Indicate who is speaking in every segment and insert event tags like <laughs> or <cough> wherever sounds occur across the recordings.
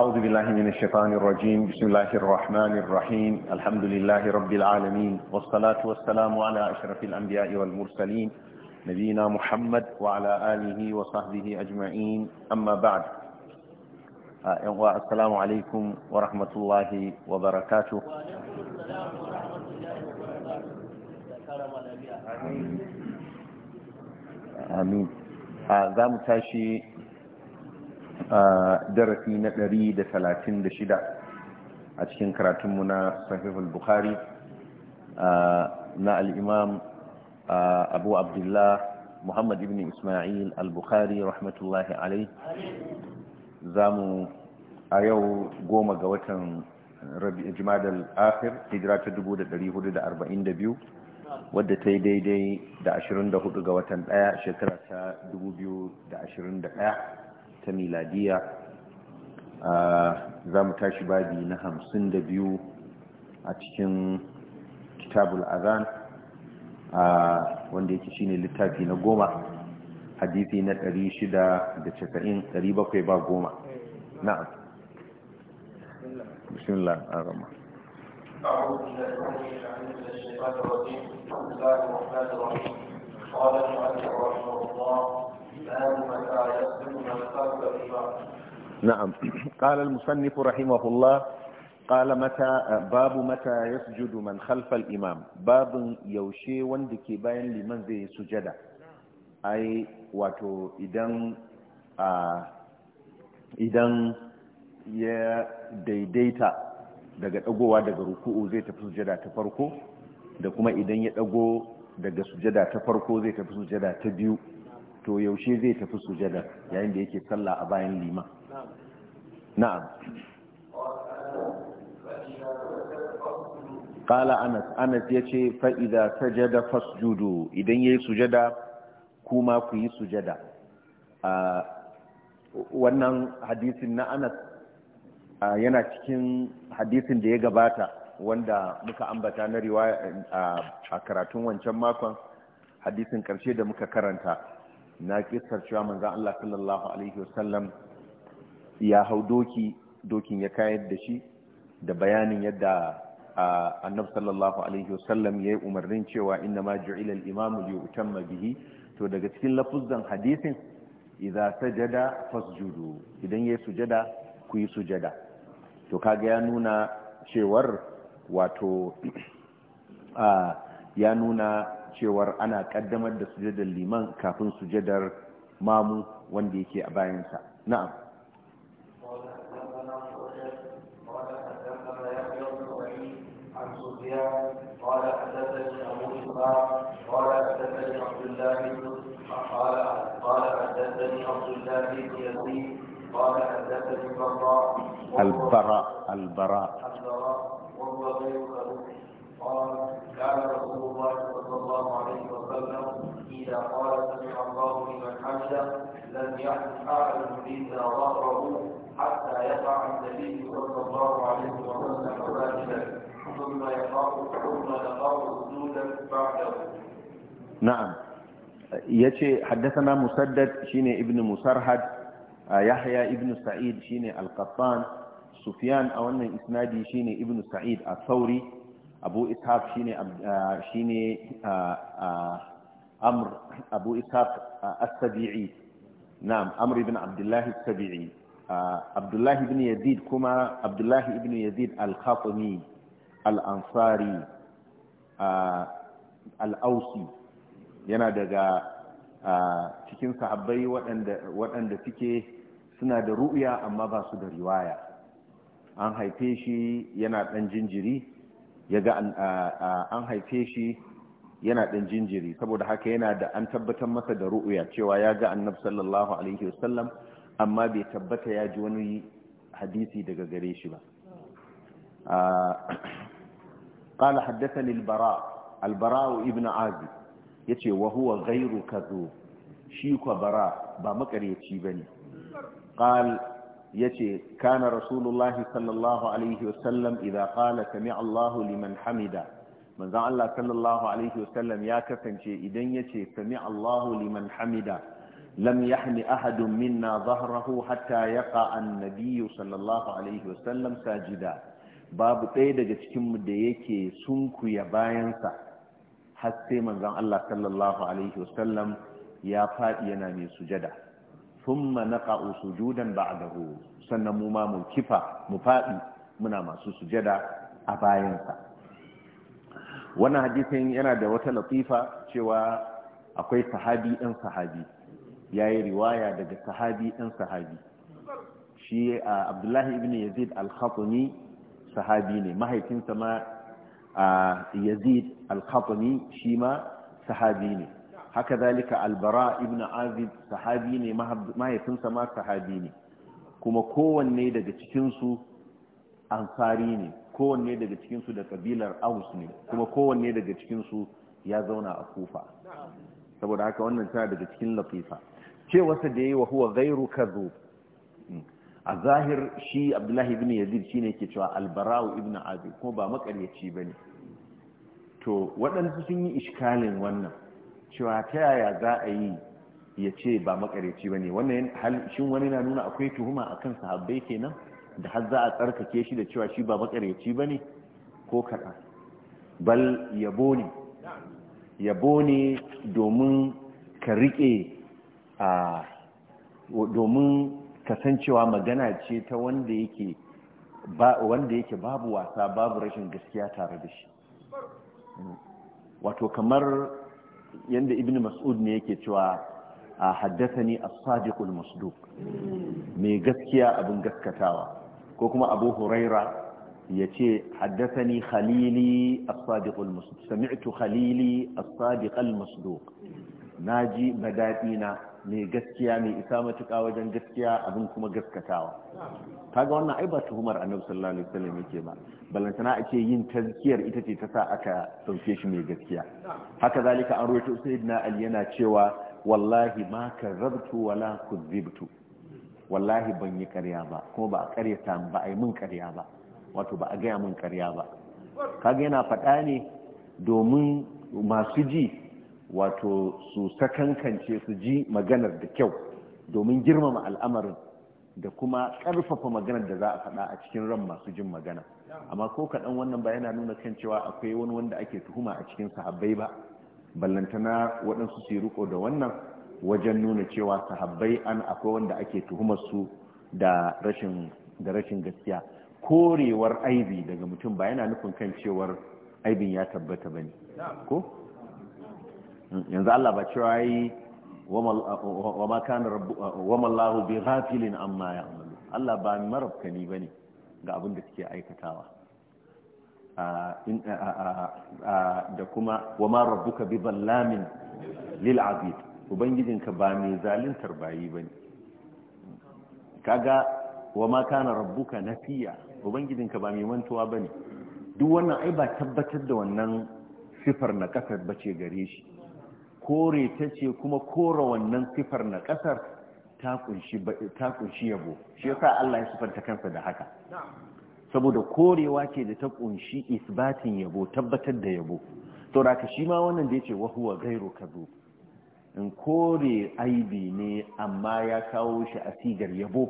Speaker 1: أعوذ بالله من الشيطان الرجيم بسم الله الرحمن الرحيم الحمد لله رب العالمين والصلاة والسلام على أشرف الأنبياء والمرسلين نبينا محمد وعلى آله وصحبه أجمعين أما بعد السلام عليكم ورحمة الله وبركاته آمين آه، آمين آمين darasi na 136 a cikin karatunmu na sahihul bukhari na al'imam abu abdullah muhammad ibn ismail al-bukhari rahmatullahi alai za mu a yau goma ga watan jimadar afir hijira ta 1442 wadda ta yi daidai da 24 ga watan ɗaya, shekara ta 2021 ta miladiya za mu tashi babi na hamsin da biyu a cikin kitabul azan wanda yake shine littafi na goma hadithi na ɗari bakwai ba goma na'am bismillah arama
Speaker 2: أعوذ بالله من الشيطان الرجيم بسم الله الرحمن الرحيم قال المؤلف رحمه الله
Speaker 1: نعم قال المصنف رحمه الله قال متى باب متى يسجد من خلف الإمام باب يوشي وندكي باين لمن ذي سجد أي واتو idan ya daidaita daga dagowa daga ruku'u zai tafi sujada ta farko da kuma idan ya dago daga sujada ta farko zai tafi sujada ta biyu to yaushe zai tafi sujada yayin da yake sallah a bayan liman na'am qala anas anas yace fa idza sajada fasjudu idan yayi sujada kuma ku yi sujada a wannan hadisin na anas yana cikin hadisin da ya gabata wanda muka ambata na riwaya a karatun wancan makon hadisin karshe da muka karanta na kisar cewa manzan Allah sallallahu alaihi wasallam ya hau doki dokin ya kayar da shi da bayanin yadda annab sallallahu alaihi wasallam ya yi umarnin cewa inna ma ju'ila al-imam li yutamma bihi to daga cikin lafuzan hadisin ta jada fasjudu idan ya yayi sujada ku yi sujada to kaga ya nuna cewar wato <clears throat> ya nuna cewar ana ƙaddamar da sujadar liman kafin sujadar mamu wanda yake a bayansa na'am
Speaker 2: البراء
Speaker 1: البراء البراء
Speaker 2: وهو غير قال رسول الله صلى الله عليه وسلم إذا قال سمع الله لمن حمده لم يحدث أعلم إذا ظهره حتى يقع النبي صلى الله عليه وسلم راجلا ثم يخاف ثم يخاف سجودا بعده.
Speaker 1: نعم. yace haddathana musaddad shine ibn musarhad yahya ibn sa'id shine al-qattan sufyan a wannan isnadi shine ibn sa'id abu ishaq shine uh, shine uh, uh, amr abu ishaq as-sabi'i na'am amr ibn abdullah as-sabi'i abdullah ibn yazid kuma abdullah ibn yazid al-khatami al-ansari al-ausi yana daga cikin sahabbai waɗanda suke suna da ru'ya amma ba su da riwaya an haife shi yana ɗan jinjiri ya ga an haife shi yana ɗan jinjiri saboda haka yana da an tabbatar masa da ru'uya cewa ya ga annab sallallahu alaihi wasallam amma bai tabbata ya ji wani hadisi daga gare shi ba قال حدثني البراء البراء ابن عازب yace wa huwa ghayru kadhub shi ko bara ba makareci bane yace kana rasulullahi sallallahu alaihi wasallam idza qala sami'a Allahu liman hamida manzon Allah sallallahu alaihi wasallam ya kasance idan yace sami'a Allahu liman hamida lam yahmi ahadun minna dhahrahu hatta yaqa an-nabiy sallallahu alaihi wasallam sajida babu ɗaya daga cikin mu da yake sunkuya bayansa har sai manzon Allah sallallahu alaihi wasallam ya faɗi yana mai sujada Fumma thumma naqa'u sujudan ba'dahu sannan mu ma mu kifa mu faɗi muna masu sujada a bayansa wannan hadisin yana da wata latifa cewa akwai sahabi ɗan sahabi ya yi riwaya daga sahabi ɗan sahabi shi abdullahi ibn yazid al-khatami sahabi ne mahaifinsa ma yazid al-khatami shi sahabi ne haka zalika albara ibn azib sahabi ne mahaifinsa ma sahabi ne kuma kowanne daga cikinsu ansari ne kowanne daga cikinsu da kabilar aus ne kuma kowanne daga cikinsu ya zauna a kufa saboda haka wannan tana daga cikin latifa cewarsa da yi wa huwa gairu kazo a zahir shi abdullahi ibn yazid shine ke cewa albara'u ibn azib kuma ba makaryaci bane to waɗansu sun yi iskalin wannan cewa ta yaya za a yi ya ce ba makareci ba ne wannan shin wani na nuna akwai tuhuma a kan sahabbai kenan da har za a tsarkake shi da cewa shi ba makareci ba ne ko kaɗa bal yabo ne yabo ne domin ka riƙe a domin kasancewa magana ce ta wanda yake wanda yake babu wasa babu rashin gaskiya tare da shi wato kamar yanda ibn mas'ud ne yake cewa a haddathani as-sadiqul masduq mai gaskiya abin gaskatawa ko kuma abu huraira yace haddathani khalili as-sadiqul masduq sami'tu khalili as-sadiqal masduq naji madadina mai gaskiya mai isa matuƙa wajen gaskiya abin kuma gaskatawa kaga wannan ai ba tuhumar annabi sallallahu alaihi wasallam yake ba balantana ake yin tazkiyar ita ce ta sa aka sauke shi mai gaskiya haka zalika an rawaito sayyidina ali yana cewa wallahi ma karabtu wala kuzibtu wallahi ban yi karya ba kuma ba a ƙaryata ba a yi mun karya ba wato ba a gaya mun karya ba kaga yana faɗa ne domin masu ji wato su sakankance su ji maganar da kyau domin girmama al'amarin da kuma ƙarfafa maganar da za a faɗa a cikin ran masu jin magana amma ko kaɗan wannan ba yana nuna kan cewa akwai wani wanda ake tuhuma a cikin sahabbai ba ballantana waɗansu su riko da wannan wajen nuna cewa sahabbai an akwai wanda ake tuhumar su da rashin gaskiya korewar aibi daga mutum ba yana nufin kan cewar aibin ya tabbata bane ko yanzu Allah ba cewa yi wa ma kana wa mallahu bi ghafilin amma amalu Allah ba marabkani bane ga abin da suke aikatawa da kuma wa ma rabbuka bi ballamin lil abid ubangijinka ba mai zaluntar bayi bane kaga wa ma kana rabbuka nafiya ubangijinka ba mai mantuwa bane duk wannan ai ba tabbatar da wannan sifar na kasar bace gare shi kore ta ce kuma kore wannan sifar na kasar ta kunshi yabo shi yasa Allah ya sifanta kansa da haka saboda korewa ke da ta kunshi isbatin yabo tabbatar da yabo to da shi ma wannan da yace wahuwa gairu kazo in kore aibi ne amma ya kawo shi a sigar yabo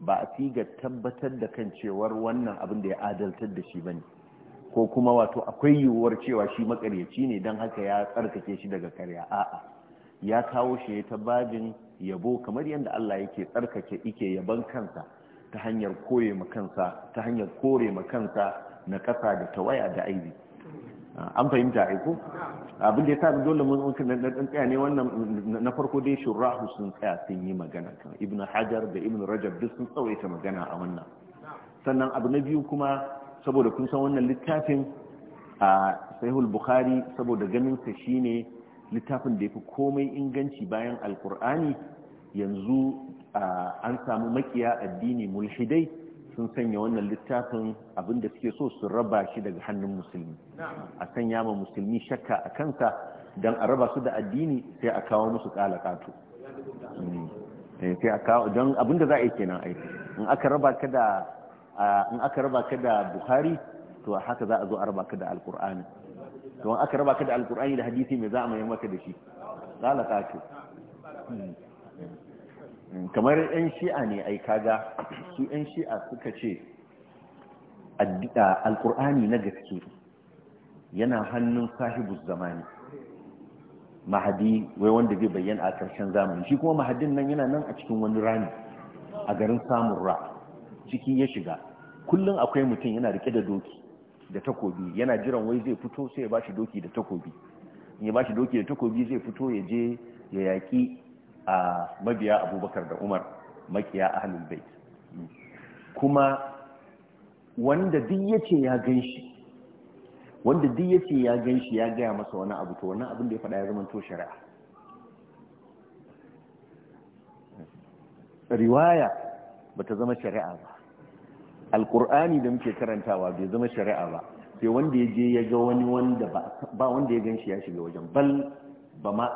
Speaker 1: ba a sigar tabbatar da kan cewar wannan abin da ya adaltar da shi bane ko kuma wato akwai yiwuwar cewa shi makaryaci ne don haka ya tsarkake shi daga karya a'a ya kawo shi ya ta babin yabo kamar yadda Allah yake tsarkake ike yaban kansa ta hanyar koye kansa ta hanyar kore kansa na kasa da tawaya da aibi an fahimta aiko abin da ya dole mun na dan tsaya ne wannan na farko dai shurahu sun tsaya sun yi magana kan ibnu hajar da ibnu rajab duk sun tsawaita magana a wannan sannan abu na biyu kuma saboda kun san wannan littafin a sahihul bukhari saboda ganin sa shine littafin da yafi komai inganci bayan alqur'ani yanzu an samu makiya addini mulhidai sun sanya wannan littafin abinda suke so su raba shi daga hannun musulmi a sanya ma musulmi shakka a kansa don a raba su da addini sai a kawo musu kalakatu mm. eh, sai a kawo don abinda za a yi kenan aiki in aka raba ka da in aka raba ka da buhari to haka za a zo a raba ka da alkur'ani to in aka raba ka da alkur'ani da hadisi mai za a mai maka da shi
Speaker 3: ka ce
Speaker 1: hmm. kamar yan shi'a ne ai kaga su yan shi'a suka ce alkur'ani na gaske yana hannun sahibu zamani mahadi wai wanda zai bayyana a ƙarshen zamani shi kuma mahadin nan yana nan a cikin wani rami a garin samun ra ciki ya shiga kullum akwai mutum yana rike da doki da takobi yana jiran wai zai fito sai ya bashi doki da takobi in ya bashi doki da takobi zai fito ya je ya yaƙi a mabiya abubakar da umar makiya a hannun bai. kuma wanda duk ce ya gan shi wanda duk ce ya gan shi ya gaya masa wani abu to wannan abin da ya faɗa ya zama to shari'a riwaya ba ta zama shari'a ba alkur'ani da muke karantawa bai zama shari'a ba sai wanda ya je ya ga wani wanda ba wanda ya ganshi ya shiga wajen bal ba ma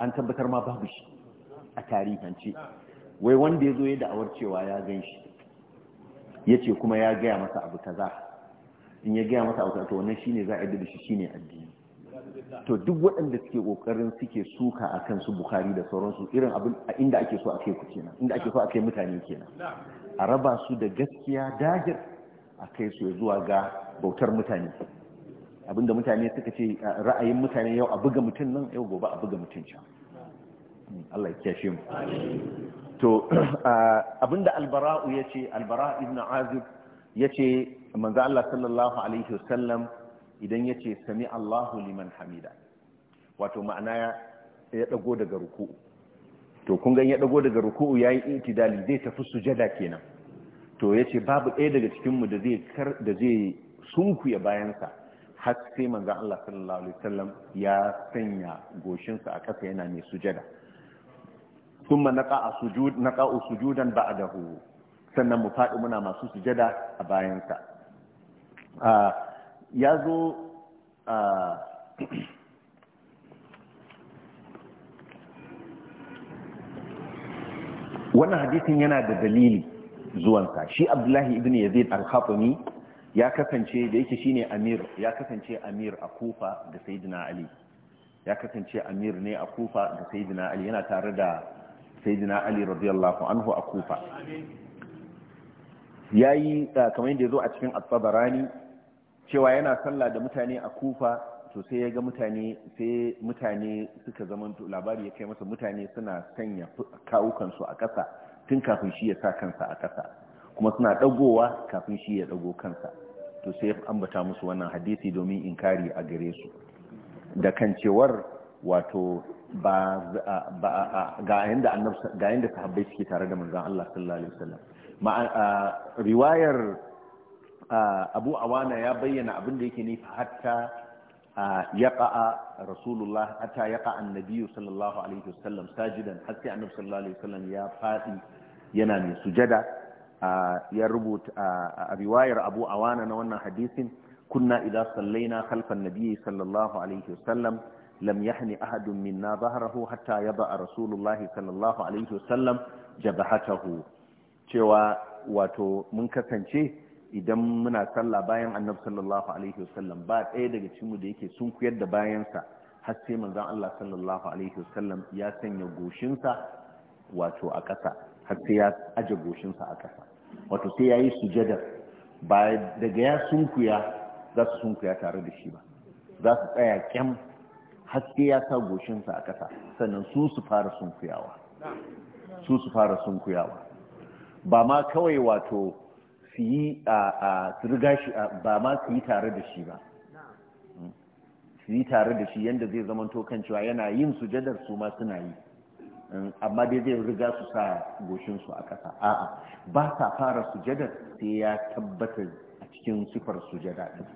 Speaker 1: an tabbatar ma babu shi a tarihance wai wanda ya zo ya da'awar cewa ya ganshi ya ce kuma ya gaya masa abu kaza in ya gaya masa abu kaza to wannan shine za a yadda da shi shine addini to duk waɗanda suke ƙoƙarin suke suka a kansu bukhari da sauransu irin abin inda ake so a kai ku kenan inda ake so a kai mutane kenan a raba su da gaskiya dajir a kai su zuwa ga bautar mutane abinda mutane suka ce ra'ayin mutane yau a buga mutum nan yau gobe a buga mutum can hmm, Allah ya kyashe mu to <clears throat> abinda albara'u ya ce albara ibn azib ya ce manzo Allah sallallahu alaihi wasallam idan ya ce sami Allahu liman hamida wato ma'ana ya dago daga ruku'u to kun gan ya dago daga ruku'u yayi itidali zai tafi sujada kenan to yace babu ɗaya daga cikin mu da zai kar da zai sunkuya sa, har sai manzon Allah sallallahu alaihi wasallam ya sanya goshinsa a ƙasa yana mai sujada thumma naqa'a sujud naqa'u sujudan ba'dahu sannan mu faɗi muna masu sujada a sa ah, ya zo ah, wannan hadisin yana da dalili zuwansa shi abdullahi ibn yazid al-khafami ya kasance da yake shine amir ya kasance amir a kufa da sayyidina ali ya kasance amir ne a kufa da sayyidina ali yana tare da sayyidina ali radiyallahu anhu a kufa yayi ah, kamar yadda yazo a cikin at-tabarani cewa yana sallah da mutane a kufa to sai ya ga mutane sai mutane suka zama labari ya kai masa mutane suna sanya kawukansu a ƙasa tun kafin shi ya sa kansa a ƙasa kuma suna ɗagowa kafin shi ya ɗago kansa to sai ambata musu wannan hadisi domin inkari a gare su da kan cewar wato ba ga yanda annabi ga yanda sahabbai suke tare da manzon Allah sallallahu alaihi wasallam ma riwayar Abu Awana ya bayyana abin da yake nifa hatta يقع رسول الله أتى يقع النبي صلى الله عليه وسلم ساجدا حتى النبي صلى الله عليه وسلم يا فادي ينامي سجدا يا ربوت رواية أبو أوانا نوانا حديث كنا إذا صلينا خلف النبي صلى الله عليه وسلم لم يحن أحد منا ظهره حتى يضع رسول الله صلى الله عليه وسلم جبهته cewa wato mun kasance idan muna sallah bayan annabi sallallahu alaihi wasallam ba ɗaya daga cikinmu da yake sun kuyar da bayansa har sai manzon Allah sallallahu alaihi wasallam ya sanya goshinsa wato a ƙasa har sai ya aje goshinsa a ƙasa wato sai yayi sujada ba daga ya sunkuya za su sunkuya tare da shi ba za su tsaya kyam har sai ya sa goshinsa a ƙasa sannan su su fara sunkuyawa su su fara sunkuyawa ba ma kawai wato su yi a su riga shi ba ma su yi tare da shi ba su yi tare da shi yadda zai zama kan cewa yana yin sujadar su ma suna yi uhm, amma dai zai riga su sa goshinsu a ƙasa a'a ba sa fara sujadar sai ya tabbatar a cikin sifar sujada ɗin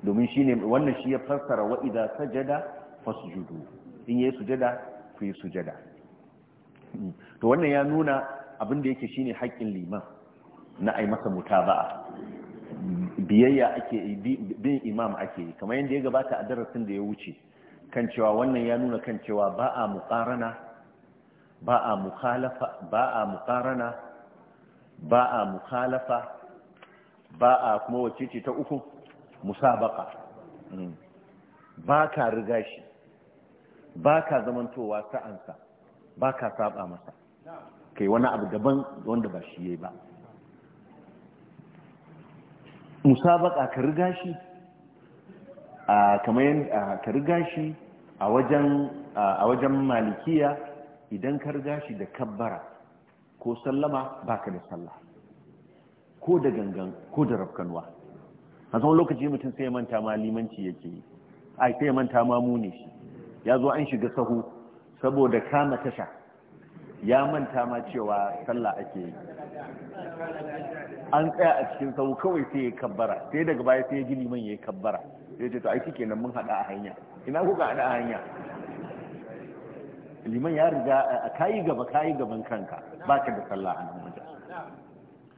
Speaker 1: domin shine wannan shi ya fassara wa idza sajada fasjudu in yayi sujada ku yi sujada uhm, to wannan ya nuna abin da yake shine haƙƙin liman na yi masa mutaba'a biyayya ake bin imam ake yi kamar yadda ya gabata a darasin da ya wuce kan cewa wannan ya nuna kan cewa ba a mukarana ba a mukhalafa ba a ba a mukhalafa ba a kuma wacce ce ta uku musabaka mm. ba ka riga shi ba ka zamantowa sa'ansa ba ka saba masa kai wani abu daban wanda ba shi yayi ba musabaka ka riga shi kamar ka riga shi a wajen malikiya idan ka riga shi da kabbara ko sallama baka da sallah ko da gangan ko da rafkanuwa a tsawon lokaci mutum sai ya manta ma limanci yake yi a sai manta ma muni shi ya zo an shiga sahu saboda kama tasha ya manta ma cewa sallah ake yi
Speaker 2: an tsaya a cikin
Speaker 1: sau kawai sai ya kabbara sai daga baya sai ya ji liman ya kabbara sai ce to ai kenan mun hada a hanya ina kuka hada a hanya liman ya riga a kayi gaba kayi gaban kanka baka da sallah a nan wajen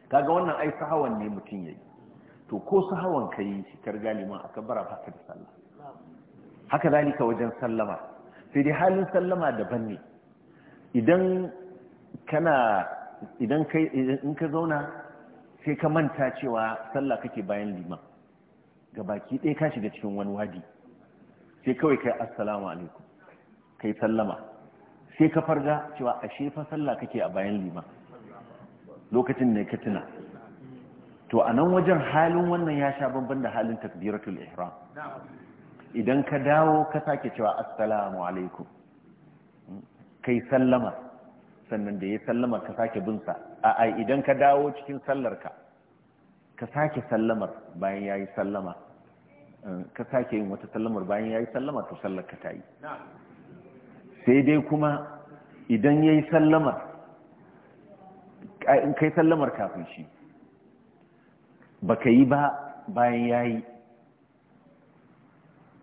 Speaker 1: kaga wannan ai sahawan ne mutum yayi to ko sahawan kai shi karga liman a kabbara baka da sallah haka zalika wajen sallama sai dai halin sallama daban ne idan kana idan in ka zauna sai ka manta cewa sallah kake bayan liman ga baki ɗaya ka shiga cikin wani wadi sai kawai kai assalamu alaikum kai sallama sai ka farga cewa ashe fa sallah kake a bayan liman lokacin ne ka tuna to a nan wajen halin wannan ya sha banban da halin takbiratul ihram idan ka dawo ka sake cewa assalamu alaikum kai sallama sannan da ya sallama ka sake binsa a a idan ka dawo cikin sallarka ka sake sallamar bayan ya yi sallama eh, ka sake yin wata sallamar bayan ya yi sallama to sallarka ta yi sai dai kuma idan ya yi sallamar in kai sallamar kafin shi ba ka yi ba bayan ya yi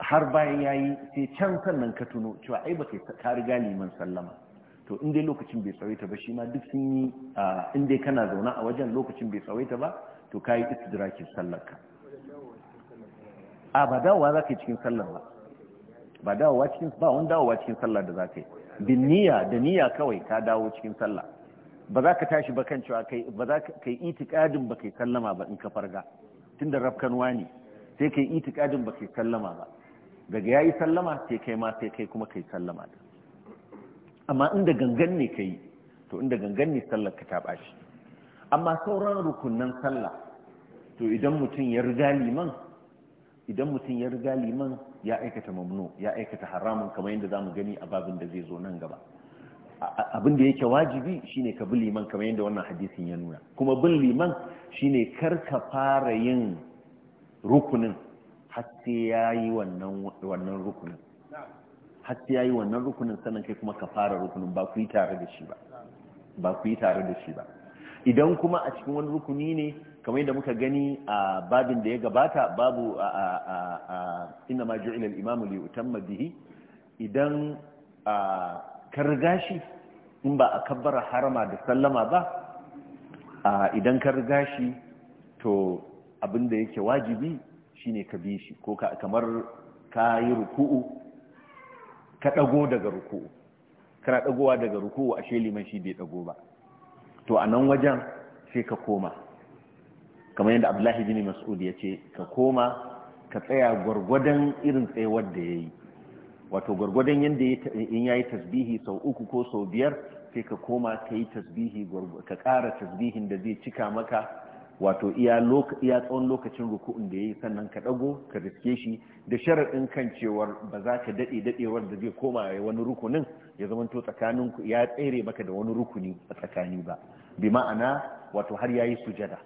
Speaker 1: har bayan ya yi sai can sannan ka tuno cewa ai ba ka riga liman sallama to in dai lokacin bai tsawaita ba shi ma duk sun yi in dai kana zauna a wajen lokacin bai tsawaita ba to kayi istidrakin sallarka a ba dawowa za ka yi cikin sallar ba ba dawowa cikin ba wani dawowa cikin sallar da za ka yi bin niyya da niyya kawai ka dawo cikin sallah ba za ka tashi ba kan cewa ba za ka yi kadin ba kai sallama ba in ka farga tun da rafkan wani sai kai kadin ba kai sallama ba daga yi sallama sai kai ma sai kai kuma kai sallama da amma inda gangan ne ka yi to inda gangan ne sallar ka taɓa shi amma sauran rukunan sallah to idan mutum ya riga liman idan mutum ya riga liman ya aikata mamnu ya aikata haramun kamar yadda zamu gani a babin da zai zo nan gaba abin da yake wajibi shine ka bi liman kamar yadda wannan hadisin ya nuna kuma bin liman shine kar ka fara yin rukunin har sai yayi wannan wannan rukunin har sai yayi wannan rukunin sannan kai kuma ka fara rukunin ba ku yi tare da shi ba ba ku yi tare da shi ba idan kuma a cikin wani rukuni ne kamar yadda muka gani a babin da ya gabata babu a inna ma ju'ila al-imam li utamma bihi idan ka riga shi in ba a kabbara harama da sallama ba a idan ka riga shi to abin da yake wajibi shine ka bi shi ko kamar ka yi ruku'u ka ɗago daga ruku kana ɗagowa daga ruku'u ashe liman shi bai ɗago ba to a nan wajen sai ka koma kamar yadda abdullahi bin mas'ud ya ce ka koma ka tsaya gwargwadon irin tsayawar da ya yi wato gwargwadon yadda in ya yi tasbihi sau uku ko sau biyar sai ka koma ka yi tasbihi ka ƙara tasbihin da zai cika maka wato iya tsawon lokacin ruku'un da ya yi sannan ka ɗago ka riske shi da sharaɗin kan cewar ba za ka daɗe daɗewar da zai koma wani rukunin ya zama to tsakanin ya tsere maka da wani rukuni a tsakani ba bi ma'ana wato har ya yi sujada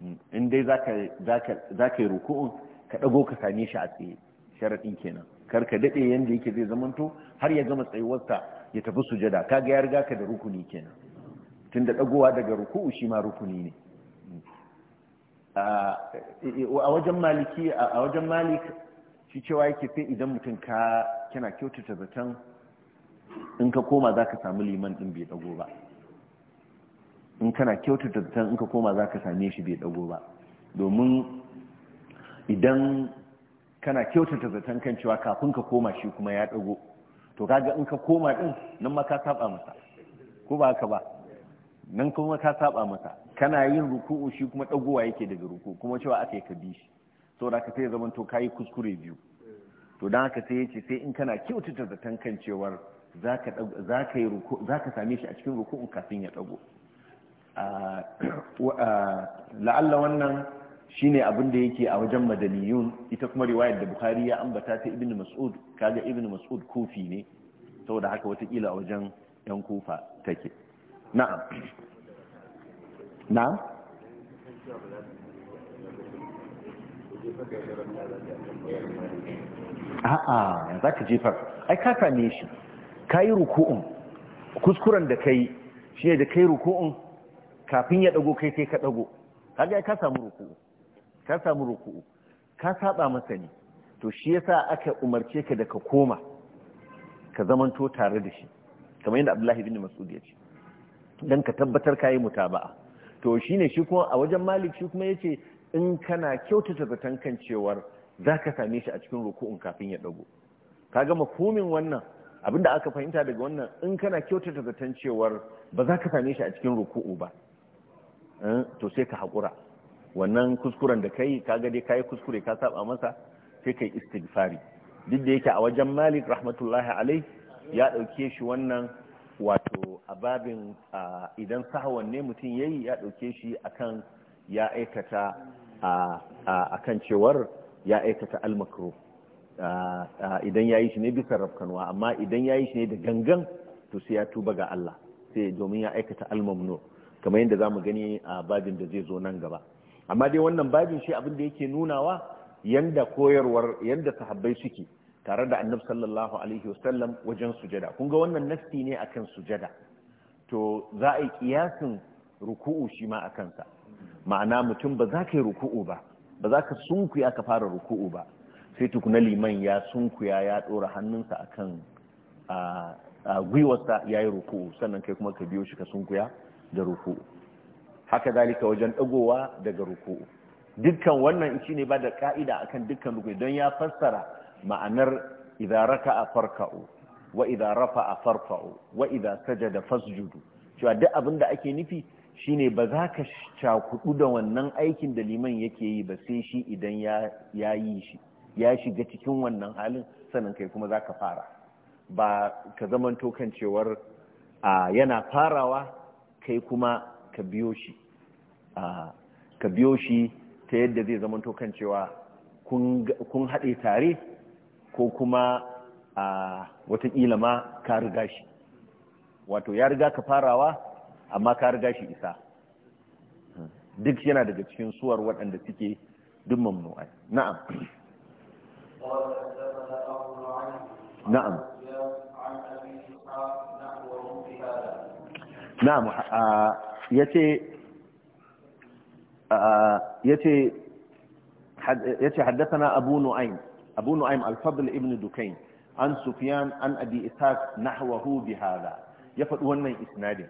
Speaker 1: hmm. in dai za ka yi ruku'un ka ɗago ka same shi a tsaye sharaɗin kenan kar ka daɗe yanda yake zai zama to har ya gama tsayuwarsa ya tafi sujada kaga ya riga ka da rukuni kenan tunda ɗagowa daga ruku'u shi ma rukuni ne a wajen maliki a wajen malik shi cewa yake sai idan mutum ka kina kyautata zaton in ka koma za ka samu liman din bai dago ba in kana kyautata zaton in ka koma za ka same shi bai dago ba domin idan kana kyautata zaton kan cewa kafin ka koma shi kuma ya dago to kaga in ka koma din nan ma ka saba masa ko ba haka ba nan kuma ka saba masa kana yin ruku'u shi kuma dagowa yake daga ruku kuma cewa aka yi ka bi shi saboda ka sai zaman to kayi kuskure biyu to dan haka sai yace sai in kana kyautata zaton kan cewar zaka zaka yi ruku zaka same shi a cikin ruku'u kafin ya dago la'alla wannan shine abin da yake a wajen madaniyun ita kuma riwayar da bukhari ya ambata ta ibnu mas'ud kaga ibnu mas'ud kufi ne saboda haka watakila a wajen yan kufa take na'am na a'a za ka jefa, ai ka same shi ka yi ruku'un kuskuren da ka yi shi ne da ka ruku'un kafin ya ɗago kai sai ka ɗago kaga ka samu ruku'u ka samu ruku'u ka saba masa ne to shi yasa aka umarce ka da ka koma ka zamanto tare da shi kamar yadda Abdullahi bin Mas'ud ya ce dan ka tabbatar kai mutaba'a to shi ne shi kuma a wajen malik shi kuma yace in kana kyautata zaton kan cewar ka same shi a cikin ruku'un kafin ya ka ga makomin wannan abinda aka fahimta daga wannan in kana kyautata zaton cewar ba za ka same shi a cikin ruku'u ba eh, to sai ka haƙura wannan kuskuren da kai kaga dai kayi kuskure ka saba masa sai kai istighfari duk da yake a wajen malik rahmatullahi alai ya ɗauke shi wannan wato a babin idan sahawan ne mutum ya yi ya ɗauke shi akan ya aikata kan cewar ya aikata almakro idan ya yi shi ne bisa rafkanuwa amma idan ya yi shi ne da gangan to sai ya tuba ga Allah sai domin ya aikata almamno kamar yadda za mu gani a babin da zai zo nan gaba amma dai wannan babin shi abin yake nunawa yanda koyarwar yanda sahabbai suke tare da annab sallallahu alaihi wasallam wajen sujada kun ga wannan nafsi ne akan sujada to za a yi kiyasin ruku'u shi ma a kansa ma'ana mutum ba za ka yi ruku'u ba ba za ka sunkuya ka fara ruku'u ba sai tukuna liman ya sunkuya ya ɗora hannunsa akan gwiwarsa ya yi ruku'u sannan kai kuma ka biyo shi ka sunkuya da ruku'u haka zalika wajen dagowa daga ruku'u dukkan wannan shi ne ba da ka'ida akan dukkan ruku'u don ya fassara ma'anar idza raka'a farka'u wa idza rafa'a farfa'u wa idza sajada fasjudu cewa duk abin da ake nufi shine ba za ka cakudu da wannan aikin da liman yake yi ba sai shi idan ya yi shi ya shiga cikin wannan halin sannan kai kuma zaka fara ba ka zamanto kan cewar yana farawa kai kuma ka biyo shi ka biyo shi ta yadda zai zamanto kan cewa kun haɗe tare ko kuma a watakila ma ka riga shi wato ya riga ka farawa amma ka riga shi isa duk yana daga cikin suwar waɗanda suke duk mamnu'ai na'am na'am na'am yace yace yace haddathana abu nu'aym abu nu'aym al-fadl ibn dukayn an sufyan an abi ishaq nahwahu bi hadha ya faɗi wannan isnadin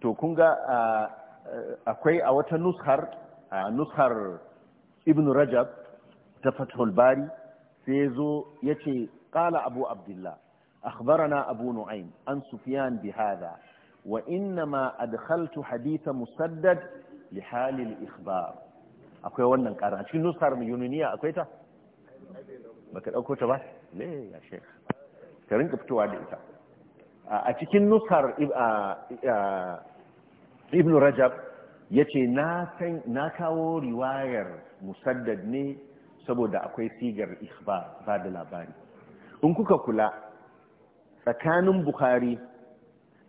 Speaker 1: to kun ga akwai a wata nushar nushar ibn rajab ta fathul bari sai zo yace qala abu abdullah akhbarana abu nu'aym an sufyan bi hadha wa innama adkhaltu haditha musaddad li halil ikhbar akwai wannan ƙara cikin nuskar yununiya akwai ta baka ɗauko ta ba ne ya shek ka rinka fitowa da ita a cikin nusar ibn rajab ya ce na kawo riwayar musaddad ne saboda akwai sigar ikhbar ba da labari in kuka kula tsakanin bukhari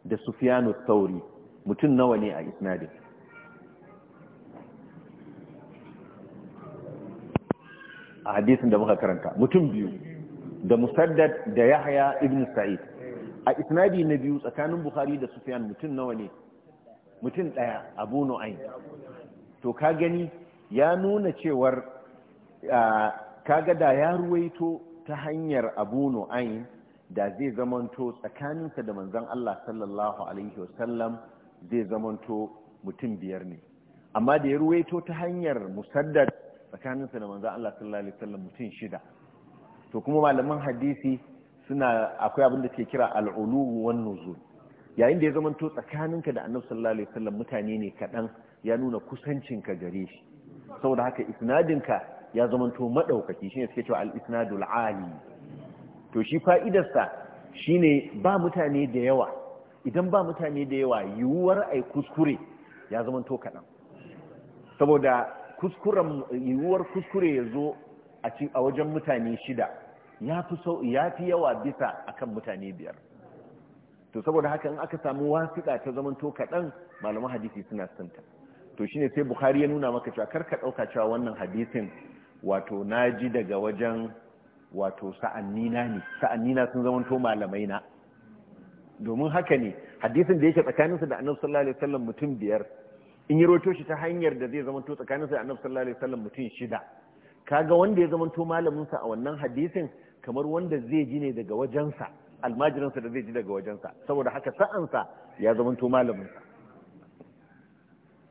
Speaker 1: da sufiyanu tauri mutum nawa ne a isnadin a hadisin da muka karanta mutum biyu da musaddad da yahya ibn sa'id a isnadi na biyu tsakanin bukhari da sufyan mutum nawa ne mutum daya abu nu'ayn to ka gani ya nuna cewar kaga da ya ruwaito ta hanyar abu nu'ayn da zai zamanto tsakaninsa da manzon Allah sallallahu alaihi wasallam zai zamanto mutum biyar ne amma da ya ruwaito ta hanyar musaddad tsakaninsa da manzan Allah sallallahu alaihi wasallam mutum shida to kuma malaman hadisi suna akwai abin da ke kira al'ulu wan nuzul yayin da ya zama to tsakaninka da annabi sallallahu alaihi wasallam mutane ne kadan ya nuna kusancin ka gare shi saboda haka isnadinka ya zama to madaukaki shine suke cewa al-isnadul ali to shi fa'idarsa shine ba mutane da yawa idan ba mutane da yawa yiwuwar ai kuskure ya zama to kaɗan saboda kuskuren yiwuwar kuskure ya zo a wajen mutane shida ya fi yawa bisa akan mutane biyar to saboda haka in aka samu wasiƙa ta to kaɗan malaman hadisi suna santa to shine sai buhari ya nuna maka cewa ka ɗauka cewa wannan hadisin wato na ji daga wajen wato sa'annina ne sa'annina sun zamanto malamai na domin haka ne hadisin da yake tsakaninsa da annabi sallallahu alaihi wasallam mutum biyar in yi roto shi ta hanyar da zai zamanto tsakaninsa sai annabi sallallahu alaihi mutum shida kaga wanda ya zamanto malaminsa a wannan hadisin kamar wanda zai ji ne daga wajensa almajiransa da zai ji daga wajensa saboda haka sa'ansa ya zamanto malaminsa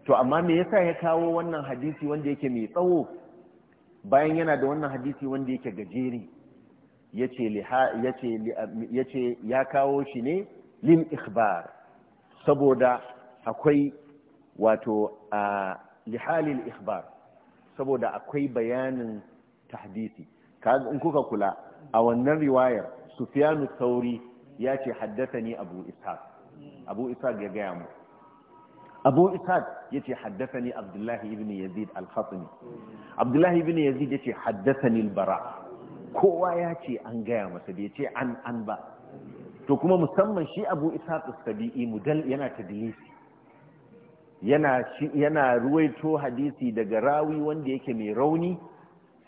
Speaker 1: to amma me yasa ya kawo wannan hadisi wanda yake mai tsawo bayan yana da wannan hadisi wanda yake gajeri yace ya kawo shi ne lil ikhbar saboda akwai wato a lihalil ikhbar saboda akwai bayanin tahdisi in kuka kula a wannan riwayar sufyanu sauri ya ce haddasa ni abu ishaq abu ishaq ya gaya mu abu ishaq ya ce haddasa ni abdullahi ibn yazid al-khatmi abdullahi ibn yazid ya ce haddasa ni bara kowa ya ce an gaya masa bai ce an an ba to kuma musamman shi abu ishaq sabi'i mudal yana tadlisi yana yana ruwaito hadisi daga rawi wanda yake mai rauni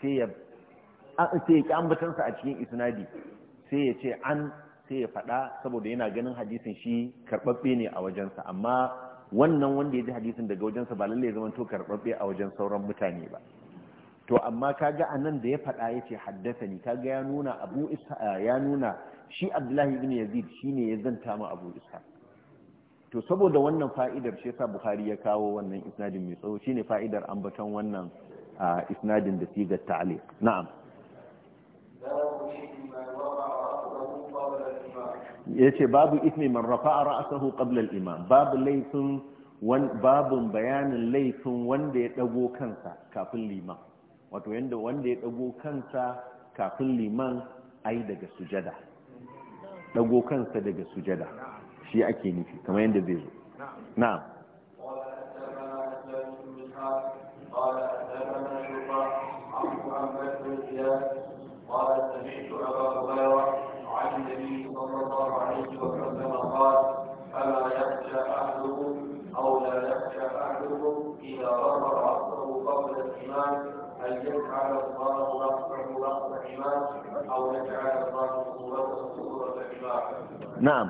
Speaker 1: sai ya sai ya a cikin isnadi sai ya ce an sai ya faɗa saboda yana ganin hadisin shi karɓaɓɓe ne a wajensa amma wannan wanda ya ji hadisin daga wajensa ba lallai zama to karɓaɓɓe a wajen sauran mutane ba to amma kaga anan da ya faɗa ya ce ni kaga ya nuna abu Isa ya nuna shi abdullahi ibn yazid shine ya zanta ma abu Isa. to saboda wannan fa'idar shi yasa bukhari ya kawo wannan isnadin mai tsawo shine fa'idar ambaton wannan isnadin da sigar ta'liq na'am yace babu ismi man rafa'a ra'sahu qabla al-imam babu laifin babun bayanin laifin wanda ya dago kansa kafin liman wato yanda wanda ya dago kansa kafin liman ai daga sujada dago kansa daga sujada shi ake nufi kamar yadda zai zo
Speaker 2: na'am قال سمعت أبا عن النبي صلى الله عليه وسلم قال ألا أو لا إذا قبل الإمام أن يجعل الله أو يجعل الله
Speaker 1: نعم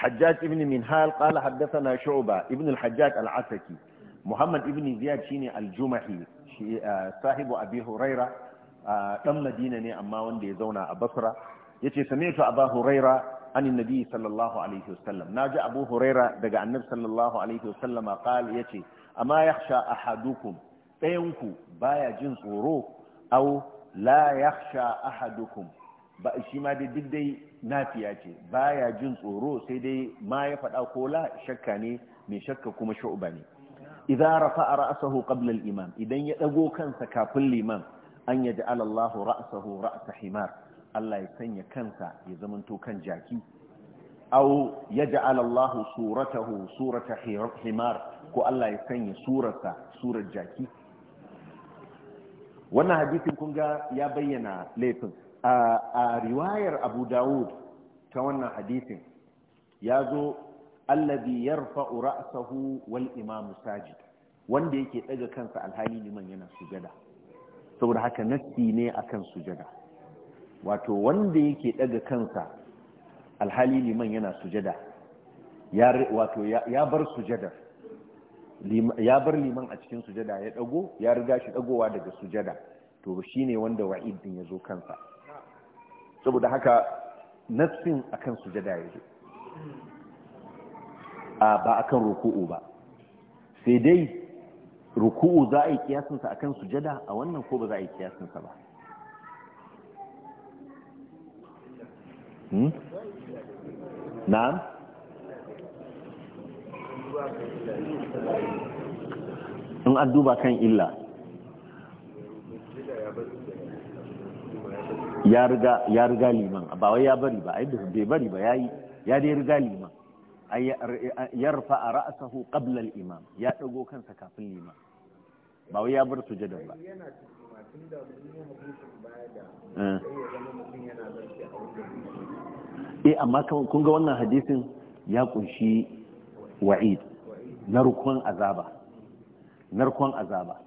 Speaker 1: حجاج ابن منهال قال حدثنا شعبة ابن الحجاج العسكي محمد ابن زياد شيني الجمحي صاحب أبي هريرة دم مدينة أما وندي زونا أبصرة يتي سمعت أبا هريرة عن النبي صلى الله عليه وسلم ناجى أبو هريرة دقى النبي صلى الله عليه وسلم قال يتي أما يخشى أحدكم تينكو بايا جنس وروح أو لا يخشى أحدكم ba shi ma dai duk dai nafiya ce baya jin tsoro sai dai ma ya faɗa ko la shakka ne mai shakka kuma sha'uba ne idza rafa ra'sahu qabla al-imam idan ya dago kansa kafin liman an yaj'ala Allah ra'sahu ra's himar Allah ya sanya kansa ya zamanto kan jaki aw yaj'al Allah suratahu surata himar ko Allah ya sanya surarsa surar jaki wannan hadisin kun ga ya bayyana laifin a riwayar abu dawud ta wannan hadisin ya zo allabi yarfa'u ra'sahu wal imam sajid wanda yake daga kansa alhali liman yana sujada saboda haka nassi ne akan sujada wato wanda yake daga kansa alhali liman yana sujada ya wato ya bar sujada ya bar liman a cikin sujada ya dago ya riga shi dagowa daga sujada to shine wanda wa'id din ya zo kansa saboda haka nassin akan sujada yake a ba akan ruku'u ba sai dai ruku'u za a yi kiyasinsa akan sujada a wannan ko ba za a yi kiyasinsa ba hmm?
Speaker 2: na'am in an duba kan
Speaker 1: illa ya riga liman ba wai ya bari ba ai bai bari ba yayi ya dai riga liman ay yarfa ra'sahu qabla al-imam ya dago kansa kafin liman ba wai ya bar sujada ba eh. eh amma kun ga wannan hadisin ya kunshi wa'id narkon azaba narkon azaba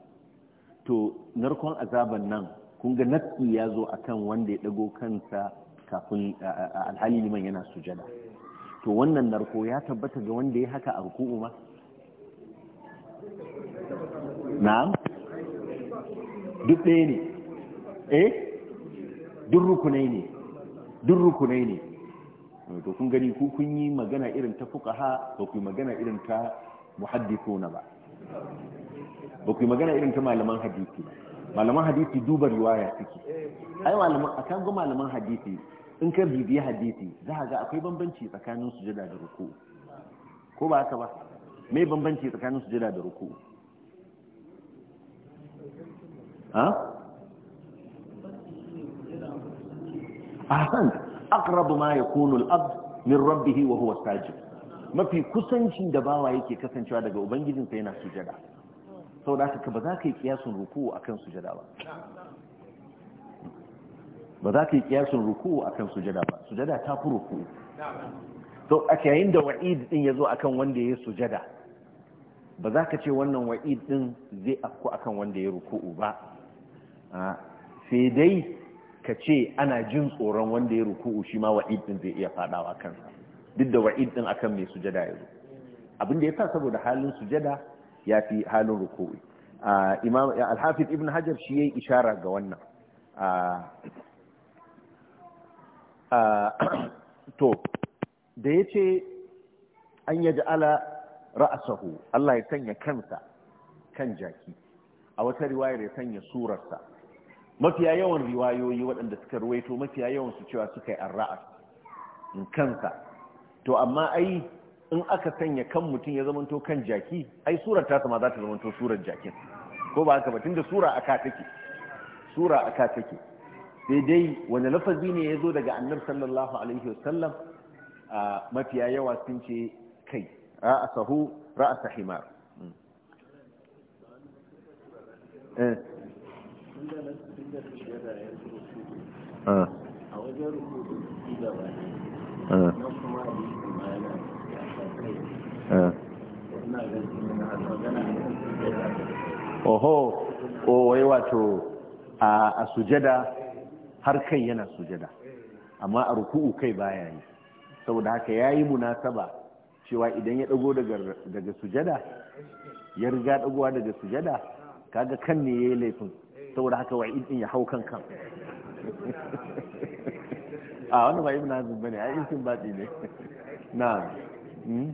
Speaker 1: to narkon azaban nan kun ga ya zo a kan wanda ya dago kansa kafin alhali liman yana sujada to wannan narko ya tabbata ga wanda ya haka a ruku'u ma na'am duk ɗaya ne eh duk rukunai ne duk rukunai ne to kun gani ku kun yi magana irin ta fuqaha ba ku magana irin ta muhaddithuna ba ba ku magana irin ta malaman hadisi ba malaman hadisi duba riwaya suke ai malaman kan goma malaman hadisi in ka bibiya hadisi za ka ga akwai bambanci tsakanin sujada da ruku ko ba haka ba me bambanci tsakanin sujada da ruku ha ahsan aqrab ma yakunu al-abd min rabbih wa huwa sajid mafi kusancin da bawa yake kasancewa daga ubangijinsa yana sujada saboda haka ba za ka yi kiyasun a akan sujada ba ba za ka yi kiyasun a kan sujada ba sujada ta fi ruku'u to a yayin da wa'id din ya zo akan wanda ya sujada ba za ka ce wannan wa'id din zai afku akan wanda ya ruku'u ba sai dai ka ce ana jin tsoron wanda ya ruku'u shi ma wa'id din zai iya fadawa kansa duk da wa'id din akan mai sujada ya zo abin da ya sa saboda halin sujada ya fi halin ruku'i imam ibn hajar shi yayi ishara ga wannan <coughs> to da yace an yaj'ala ra'sahu Allah ya sanya kansa kan jaki a wata riwayar ya sanya surarsa mafiya yawan riwayoyi waɗanda suka ruwaito mafiya yawan su cewa suka yi arra'a kansa to amma ai in aka sanya kan mutum ya zamanto kan jaki ai surar ta ma za ta zamanto surar jakin ko ba haka ba tunda sura aka take sura aka take sai dai wani lafazi ne ya zo daga annab sallallahu alaihi wasallam a mafiya yawa sun ce kai ra'asahu ra'asa himar a
Speaker 2: wajen rukunin Eh.
Speaker 1: oho o wai wato a sujada har kai yana sujada amma a ruku'u kai baya yi saboda haka ya yi munasaba cewa idan ya dago daga sujada ya riga dagowa daga sujada kaga kan ne ya yi laifin saboda haka wa din ya hau kan kan <laughs> a wani ba ibn hazm bane ai isin badi ne na. Hmm?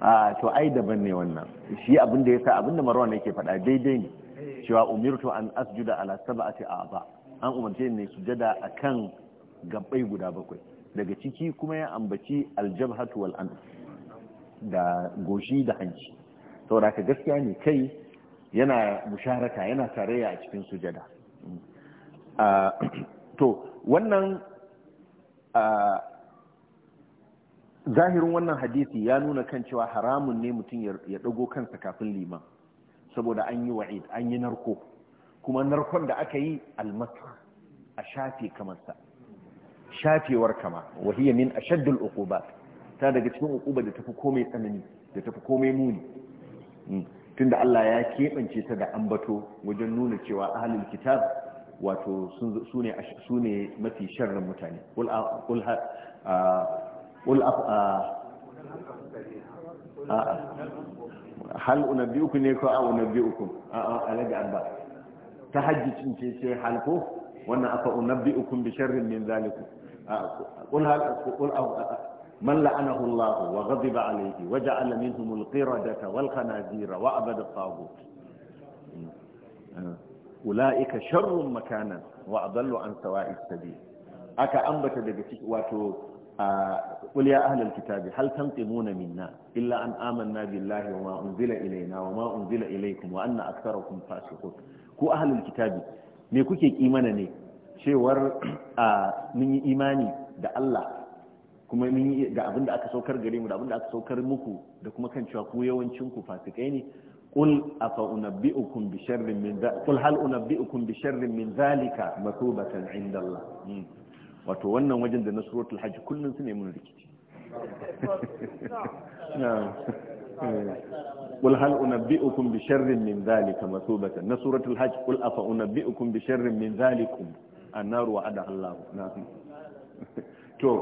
Speaker 1: a ah, to ai daban ne wannan shi abin da yasa abin da marwan yake faɗa daidai ne cewa umirtu an asjuda ala sab'ati a'ba an umarce ne sujada akan gabbai guda bakwai daga ciki kuma ya ambaci aljabhatu wal an da goshi da hanci saboda ka gaskiya ne kai yana musharaka yana tarayya a cikin sujada hmm. to wannan zahirin wannan hadisi ya nuna kan cewa haramun ne mutum ya ɗago kansa kafin liman saboda an yi wa'id an yi narko kuma narkon da aka yi almasa a shafe kamarsa shafewar kama wahiyya min ashaddul uqubat ta daga cikin uquba da tafi komai tsanani da tafi komai muni hmm. tunda Allah ya keɓance ta da ambato wajen nuna cewa ahlul kitab wato su ne mafi sharrin mutane hal unabbi'ukum ne ko a unabbi'ukum a a alaga abba ta hajji cin ce hal ko wannan afa unabbi'ukum bi sharrin min zalikum qul hal qul من لعنه الله وغضب عليه وجعل منهم القردة والخنازير وأبد الطاغوت ula'ika sharrun makanan wa adallu an sawa'i sabi aka ambata daga ciki wato qul ya ahlal kitabi hal tanqimuna minna illa an aman amanna billahi wa ma unzila ilayna wa ma unzila ilaykum wa anna aktharakum fasiqun ku ahlul kitabi me kuke kimana ne cewar mun yi imani da Allah kuma mun yi da abin da aka saukar gare mu da abin da aka saukar muku da kuma kan cewa ku yawancin ku fasikai ne قل أفأنبئكم بشر من ذلك قل هل أنبئكم بشر من ذلك مثوبة عند الله wato wannan wajen da na suratul hajji kullum su ne mun rikici قل هل أنبئكم بشر من ذلك مثوبة نسورة الحج قل أفا أنبئكم بشر من ذلكم النار وعدها الله نعم تو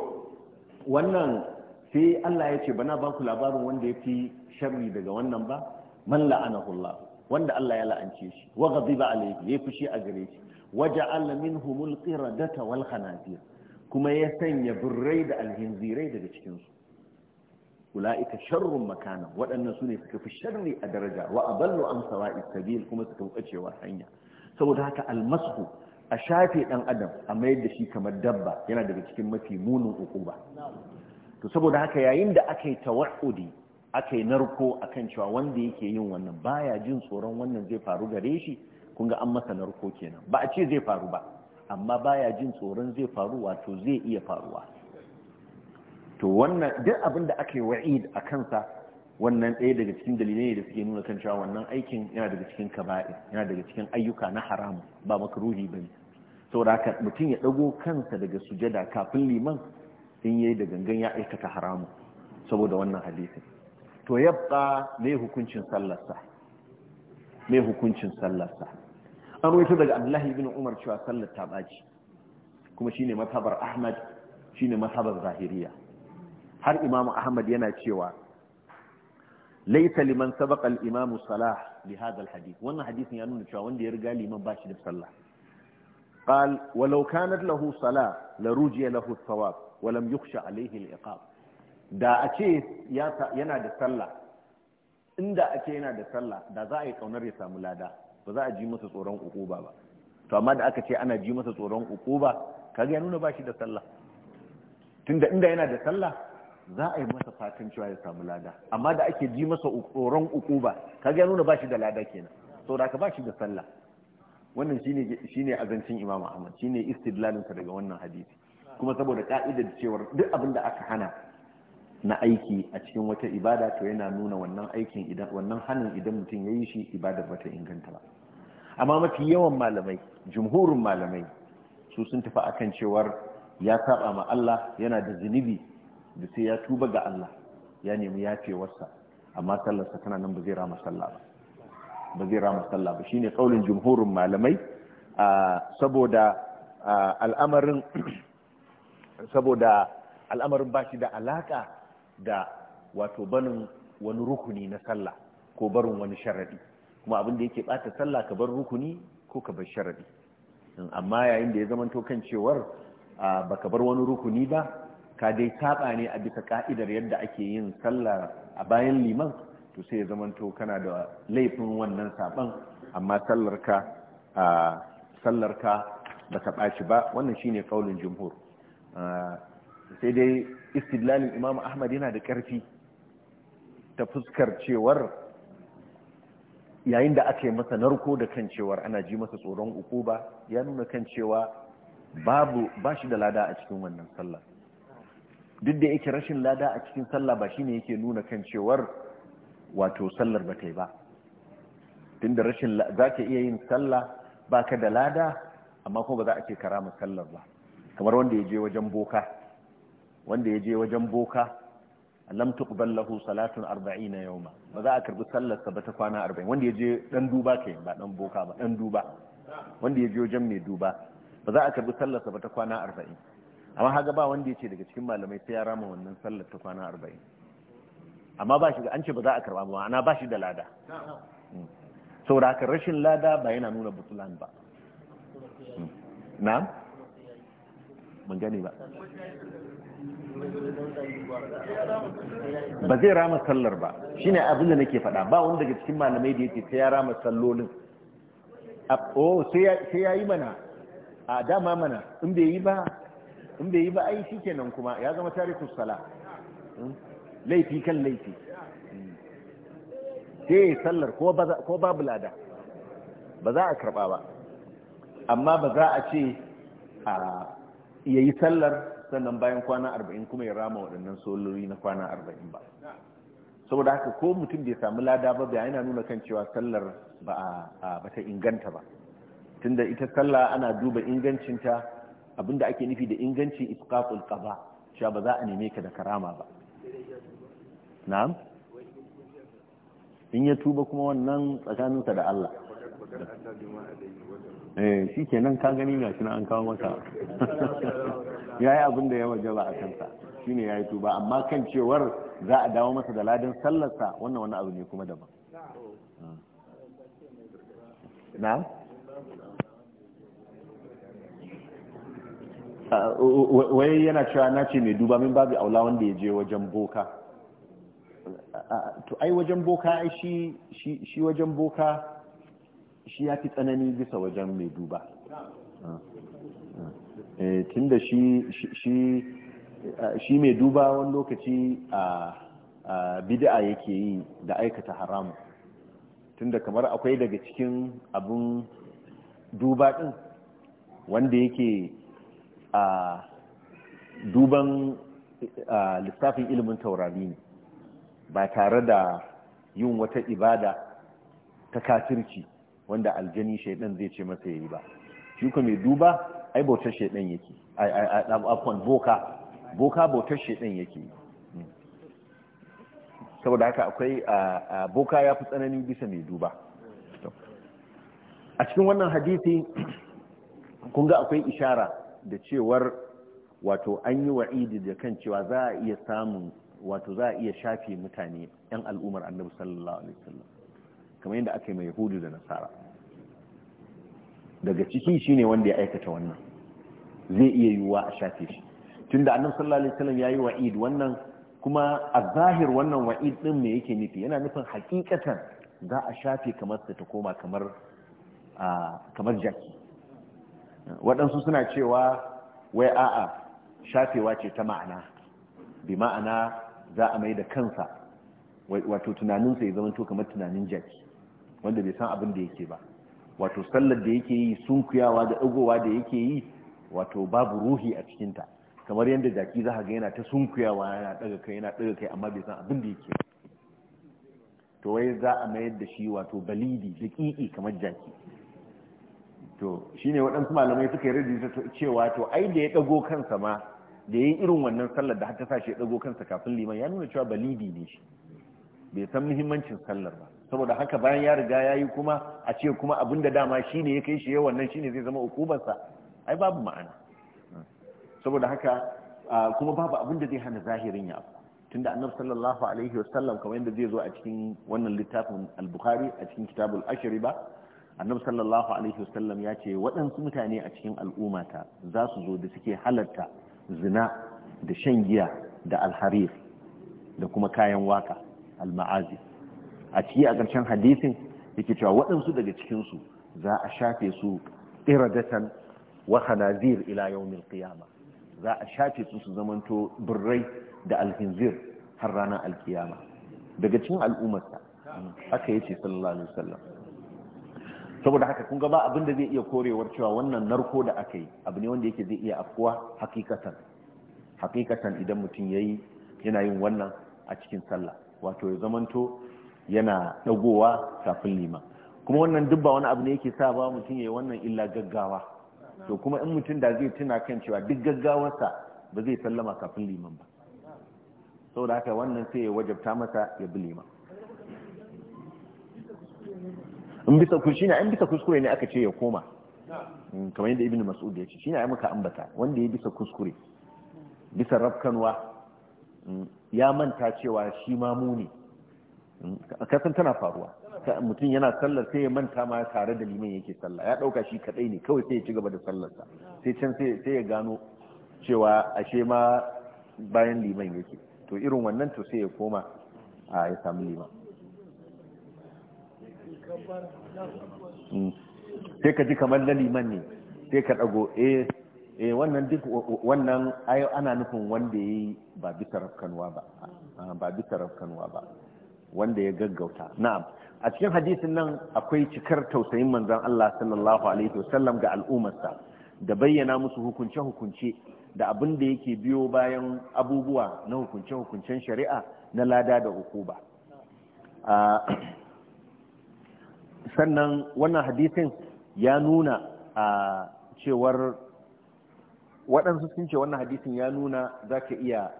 Speaker 1: wannan sai Allah ya ce bana ba ku labarin wanda ya fi sharri daga wannan ba man la'anahu Allah wanda Allah ya la'ance shi wa ghadiba alayhi yayi fushi a gare shi waja'ala minhumul qiradata wal khanazir kuma ya sanya burrai da alhinzirai daga cikin su ulaika sharrun makana waɗannan su ne suka fi sharri a daraja wa aballu an sawa'i sabil kuma suka fi bacewa hanya saboda haka almashu a shafe dan adam a mayar da shi kamar dabba yana daga cikin mafi munin ukuba to saboda haka yayin da aka yi tawaddudi aka yi narko akan cewa wanda yake yin wannan baya jin tsoron wannan zai faru gare shi kun ga an masa narko kenan ba a ce zai faru ba amma baya jin tsoron zai faru wato zai iya faruwa to wannan duk abin da aka yi wa'id a kansa wannan ɗaya daga cikin dalilai da suke nuna kan cewa wannan aikin yana daga cikin kaba'i yana daga cikin ayyuka na haramu ba makruhi bane saboda haka mutum ya dago kansa daga sujada kafin liman in yayi da gangan ya aikata haramu saboda wannan hadisin to yabqa mai hukuncin sallarsa mai hukuncin sallarsa an ruwaito daga abdullahi ibn umar cewa sallar ta baci kuma shine mazhabar ahmad shine mazhabar zahiriya har imamu ahmad yana cewa laisa liman sabaqa al-imam salah li hadha al-hadith wannan hadith ya nuna cewa wanda ya riga liman bashi da sallah qal walau kanat lahu salah la rujiya lahu thawab wa lam yukhsha alayhi al-iqab da a ce yana da sallah inda a ce yana da sallah da za a yi kaunar ya samu lada ba za a ji masa tsoron ukuba ba to amma da aka ce ana ji masa tsoron ukuba kaga ya nuna ba shi da sallah tunda inda yana da sallah za a yi masa fatan cewa ya samu lada amma da ake ji masa tsoron ukuba kaga ya nuna ba shi da lada kenan To da ka ba shi da sallah wannan shine shine azancin Imam Ahmad shine istidlalin sa daga wannan hadisi kuma saboda ka'idar cewar duk abin da aka hana na aiki a cikin wata ibada to yana nuna wannan aikin idan wannan hannun idan mutum ya yi shi ibadar bata inganta ba amma mafi yawan malamai jumhurin malamai su sun tafi akan cewar ya saba ma Allah yana da zunubi da sai ya tuba ga Allah ya nemi yafewarsa amma sallarsa tana nan ba zai rama sallah ba ba zai rama sallah ba shine kaulin jumhurin malamai saboda al'amarin <clears throat> saboda al'amarin ba shi da alaka da wato banin wani rukuni na sallah ko barin wani sharadi kuma abin da yake bata sallah ka bar rukuni ko ka bar sharadi amma yayin da ya zamanto kan cewar baka bar wani rukuni ba ka dai saba ne a bisa ka'idar yadda ake yin sallah a bayan liman to sai ya zamanto kana da laifin wannan saban amma sallarka sallarka baka ɓaci ba wannan shine kaulin jumhur sai dai istidlalin imam ahmad yana da ƙarfi ta fuskar cewar yayin da aka yi masa narko da kan cewar ana ji masa tsoron uku ba ya nuna kan cewa babu ba shi da lada a cikin wannan sallah duk da yake rashin lada a cikin sallah ba shi ne yake nuna kan cewar wato sallar ba ta yi ba tun da rashin za ka iya yin sallah ba ka da lada amma kuma ba za a ce kara sallar ba kamar wanda ya je wajen boka wanda ya je wajen boka lam tuqbal lahu salatun 40 yawma ba za a karbi sallar sa ba ta kwana 40 wanda ya je dan duba ke ba dan boka ba dan duba wanda ya je wajen mai duba ba za a karbi sallar sa ba ta kwana 40 amma haga ba wanda ya ce daga cikin malamai sai ya rama wannan sallar ta kwana 40 amma ba shi an ce ba za a karba ba ana ba shi da lada
Speaker 3: hmm.
Speaker 1: saboda haka rashin lada ba yana nuna butulan ba hmm. na mun gane ba ba zai rama sallar ba shine abin da nake faɗa ba wanda daga cikin malamai da yake sai ya rama sallolin oh, sai ya yi mana a dama mana in bai yi ba ai shi kenan kuma ya zama tarikus sala hmm? laifi kan laifi hmm. sai ya sallar ko babu lada ba za a karba ba amma ba za a ce ya yi sallar sannan bayan kwana arba'in kuma ya rama waɗannan sololi na kwana arba'in ba saboda haka ko mutum bai samu lada ba bai yana nuna kan cewa sallar ba ta inganta ba tunda ita sallah ana duba ingancinta abinda ake nufi da inganci isqatul qada cewa ba za a neme ka da karama ba na'am in ya tuba kuma wannan tsakaninsa da Allah eh shi nan ka gani ga shi an kawo mata <laughs> ya yi abin da ya waje ba a kansa shi ne ya yi tuba amma kan cewar za a dawo masa da ladan sallarsa wannan wani abu ne kuma daban ah. na ah, wai yana cewa na ce mai duba min babu aula wanda ya je wajen boka ah, to ai wajen boka ai shi wajen boka shi ya fi tsanani bisa wajen mai duba eh, tun da shi mai duba wani lokaci a bid'a yake yi da aikata haramu tun da kamar akwai daga cikin abin duba ɗin wanda yake a duban lissafin ilimin taurari ne ba tare da yin wata ibada ta kafirci wanda aljani shaidan zai ce masa yayi ba shi kuma mai duba ai bautar shaidan yake akon boka boka bautar shaidan yake saboda haka akwai boka ya fi tsanani bisa mai duba a cikin wannan hadisi kun ga akwai ishara da cewar wato an yi wa'idi da kan cewa za a iya samun wato za a iya shafe mutane 'yan al'ummar annabi sallallahu alaihi wasallam kamar yadda aka yi mai hudu da nasara daga ciki shine wanda ya aikata wannan zai iya yiwuwa a shafe shi tunda annan sallallahu alaihi wasallam yayi wa'id wannan kuma a zahir wannan wa'id din me yake nufi yana nufin hakikatan za a shafe kamar ta koma kamar jaki waɗansu suna cewa wai a'a shafewa ce ta ma'ana bi ma'ana za a mai da kansa wato tunaninsa ya zama to kamar tunanin jaki wanda bai san abin da yake ba wato sallar da yake yi sunkuyawa da dagowa da yake yi wato babu ruhi a cikinta kamar yadda jaki za ga yana ta sunkuyawa yana daga kai yana daga kai amma bai san abin da yake to wai za a mayar da shi wato balidi daƙiƙi kamar jaki to shine waɗansu malamai suka yi cewa to ai da ya dago kansa ma da ya yi irin wannan sallar da har ta sa shi ya dago kansa kafin liman ya nuna cewa balidi ne shi bai san muhimmancin sallar ba saboda haka bayan ya riga ya yi kuma a ce kuma abin da dama shi ne ya kai shi yawan nan shi ne zai zama ukubarsa ai babu ma'ana saboda haka kuma babu abin da zai hana zahirin ya abu tunda annabi sallallahu alaihi wasallam kamar yadda zai zo a cikin wannan littafin al-bukhari a cikin kitabul ashri ba annabi sallallahu alaihi wasallam ya ce waɗansu mutane a cikin al'ummata za su zo da suke halarta zina da shan giya da alharif da kuma kayan waka al-ma'azi a ciki a ƙarshen hadisin yake cewa waɗansu daga cikinsu za a shafe su iradatan wa hanazir ila yawmin qiyama za a shafe su su zamanto birrai da alhinzir har ranar alkiyama daga cikin al'ummarsa haka yace sallallahu alaihi wasallam saboda haka kun ga ba abin da zai iya korewar cewa wannan narko da aka yi abu ne wanda yake zai iya afkuwa hakikatan hakikatan idan mutum yayi yana yin wannan a cikin sallah wato ya zamanto yana dagowa kafin liman kuma wannan dubba wani abu ne yake sa ba mutum yayi wannan illa gaggawa to kuma in mutum da zai tuna kan cewa duk gaggawarsa ba zai sallama kafin liman ba saboda haka wannan sai ya wajabta masa ya bi liman
Speaker 3: in bisa kuskure ne
Speaker 1: in bisa kuskure ne aka ce ya koma hmm, kamar yadda ibnu mas'ud ya ce shine ai muka ambata wanda ya bisa kuskure bisa rafkanwa hmm, ya manta cewa shi mamu ne kasan tana faruwa mutum yana sallar sai ya manta ma tare da liman yake sallah ya dauka shi kadai ne kawai sai ya ci gaba da sallarsa sai can sai ya gano cewa ashe ma bayan liman yake to irin wannan to sai ya koma a ya samu liman sai ka ji kamar na liman ne sai ka dago eh, eh wannan duk wannan ana nufin wanda ya ba bisa ba ba bisa rafkanwa ba wanda ya gaggauta na'am a cikin hadisin nan akwai cikar tausayin manzon Allah sallallahu alaihi wasallam ga al'ummarsa da bayyana musu hukunce hukunce da abin da yake biyo bayan abubuwa na hukunce hukuncen shari'a na lada da hukuba sannan wannan hadisin ya nuna a cewar waɗansu sun ce wannan hadisin ya nuna za ka iya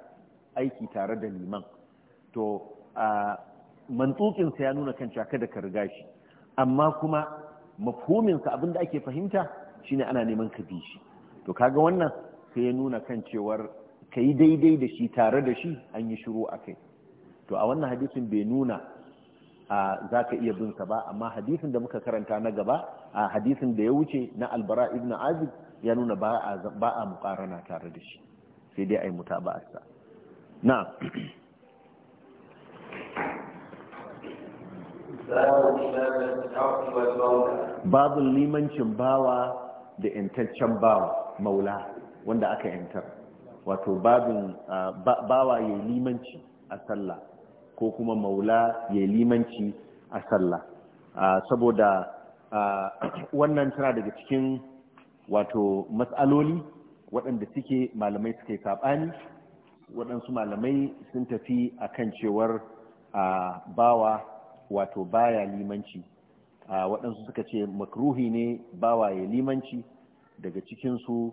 Speaker 1: aiki tare da liman to mantsukinsa ya nuna kan caka da ka shi amma kuma mafhuminsa abinda ake fahimta shine ana neman ka bi shi to kaga wannan sai ya nuna kan cewar ka yi daidai da shi tare da shi an yi shiru a kai to a wannan hadisin bai nuna a za ka iya binsa ba amma hadisin da muka karanta na gaba a hadisin da ya wuce na albara ibn azib ya nuna ba a mukarana tare da shi sai dai a yi mutaba'arsa na babu limancin bawa da yantaccen bawa maula wanda aka yantar wato babin bawa ya limanci a sallah ko kuma maula ya limanci a sallah saboda <clears throat> wannan tana daga cikin wato matsaloli waɗanda suke malamai suke saɓani waɗansu malamai sun tafi a kan cewar bawa wato baya limanci a waɗansu suka ce makruhi ne bawa ya limanci daga cikinsu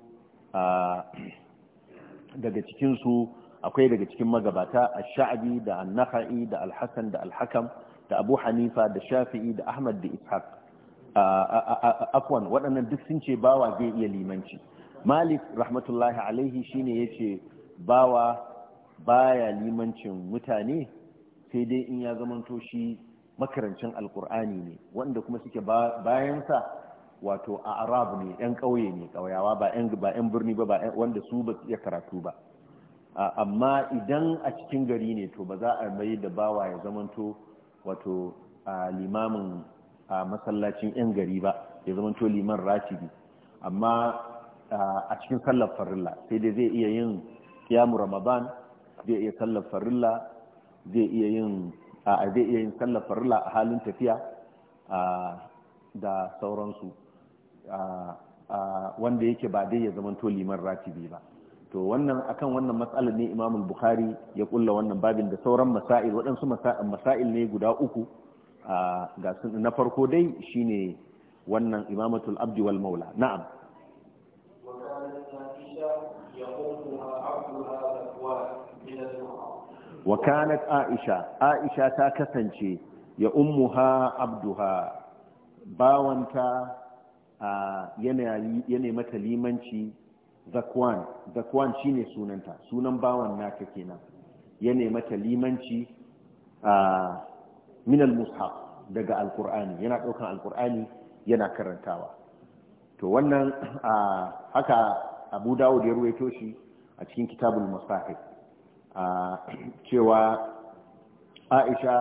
Speaker 1: daga cikinsu akwai daga cikin magabata a sha'abi da annaka'i da alhassan da alhakam da abu hanifa da shafi'i da ahmad da ishaq afwan waɗannan duk sun ce bawa zai iya limanci malik rahmatullahi alaihi shine ya ce bawa baya limancin mutane sai dai in ya zamanto shi makarancin alkur'ani ne wanda kuma suke sa, wato a arab ne yan ƙauye ne ƙauyawa ba yan birni ba wanda su ba su iya karatu ba amma idan a cikin gari ne to ba za a mai da bawa ya zamanto wato limamin a masallacin yan gari ba ya zamanto liman rashidi amma a cikin sallar farilla sai dai zai iya yin ramadan zai iya sallar farilla zai iya yin a zai iya yin sallar farilla a halin tafiya da sauransu wanda yake ba dai ya zamanto liman ratibi ba to wannan akan wannan matsalar ne imam bukhari ya kulla wannan babin da sauran masail waɗansu masail ne guda uku ga na farko dai shine wannan imamatul abdi wal maula na'am wa kanat aisha aisha ta kasance ya ummuha abduha bawanta a yana mata limanci zakwan zakwan shine sunanta sunan bawan naka kenan yana mata limanci min al-mushaf daga alkur'ani yana ɗaukan alkur'ani yana karantawa to wannan haka abu dawud ya ruwaito shi a cikin kitabul masahib cewa aisha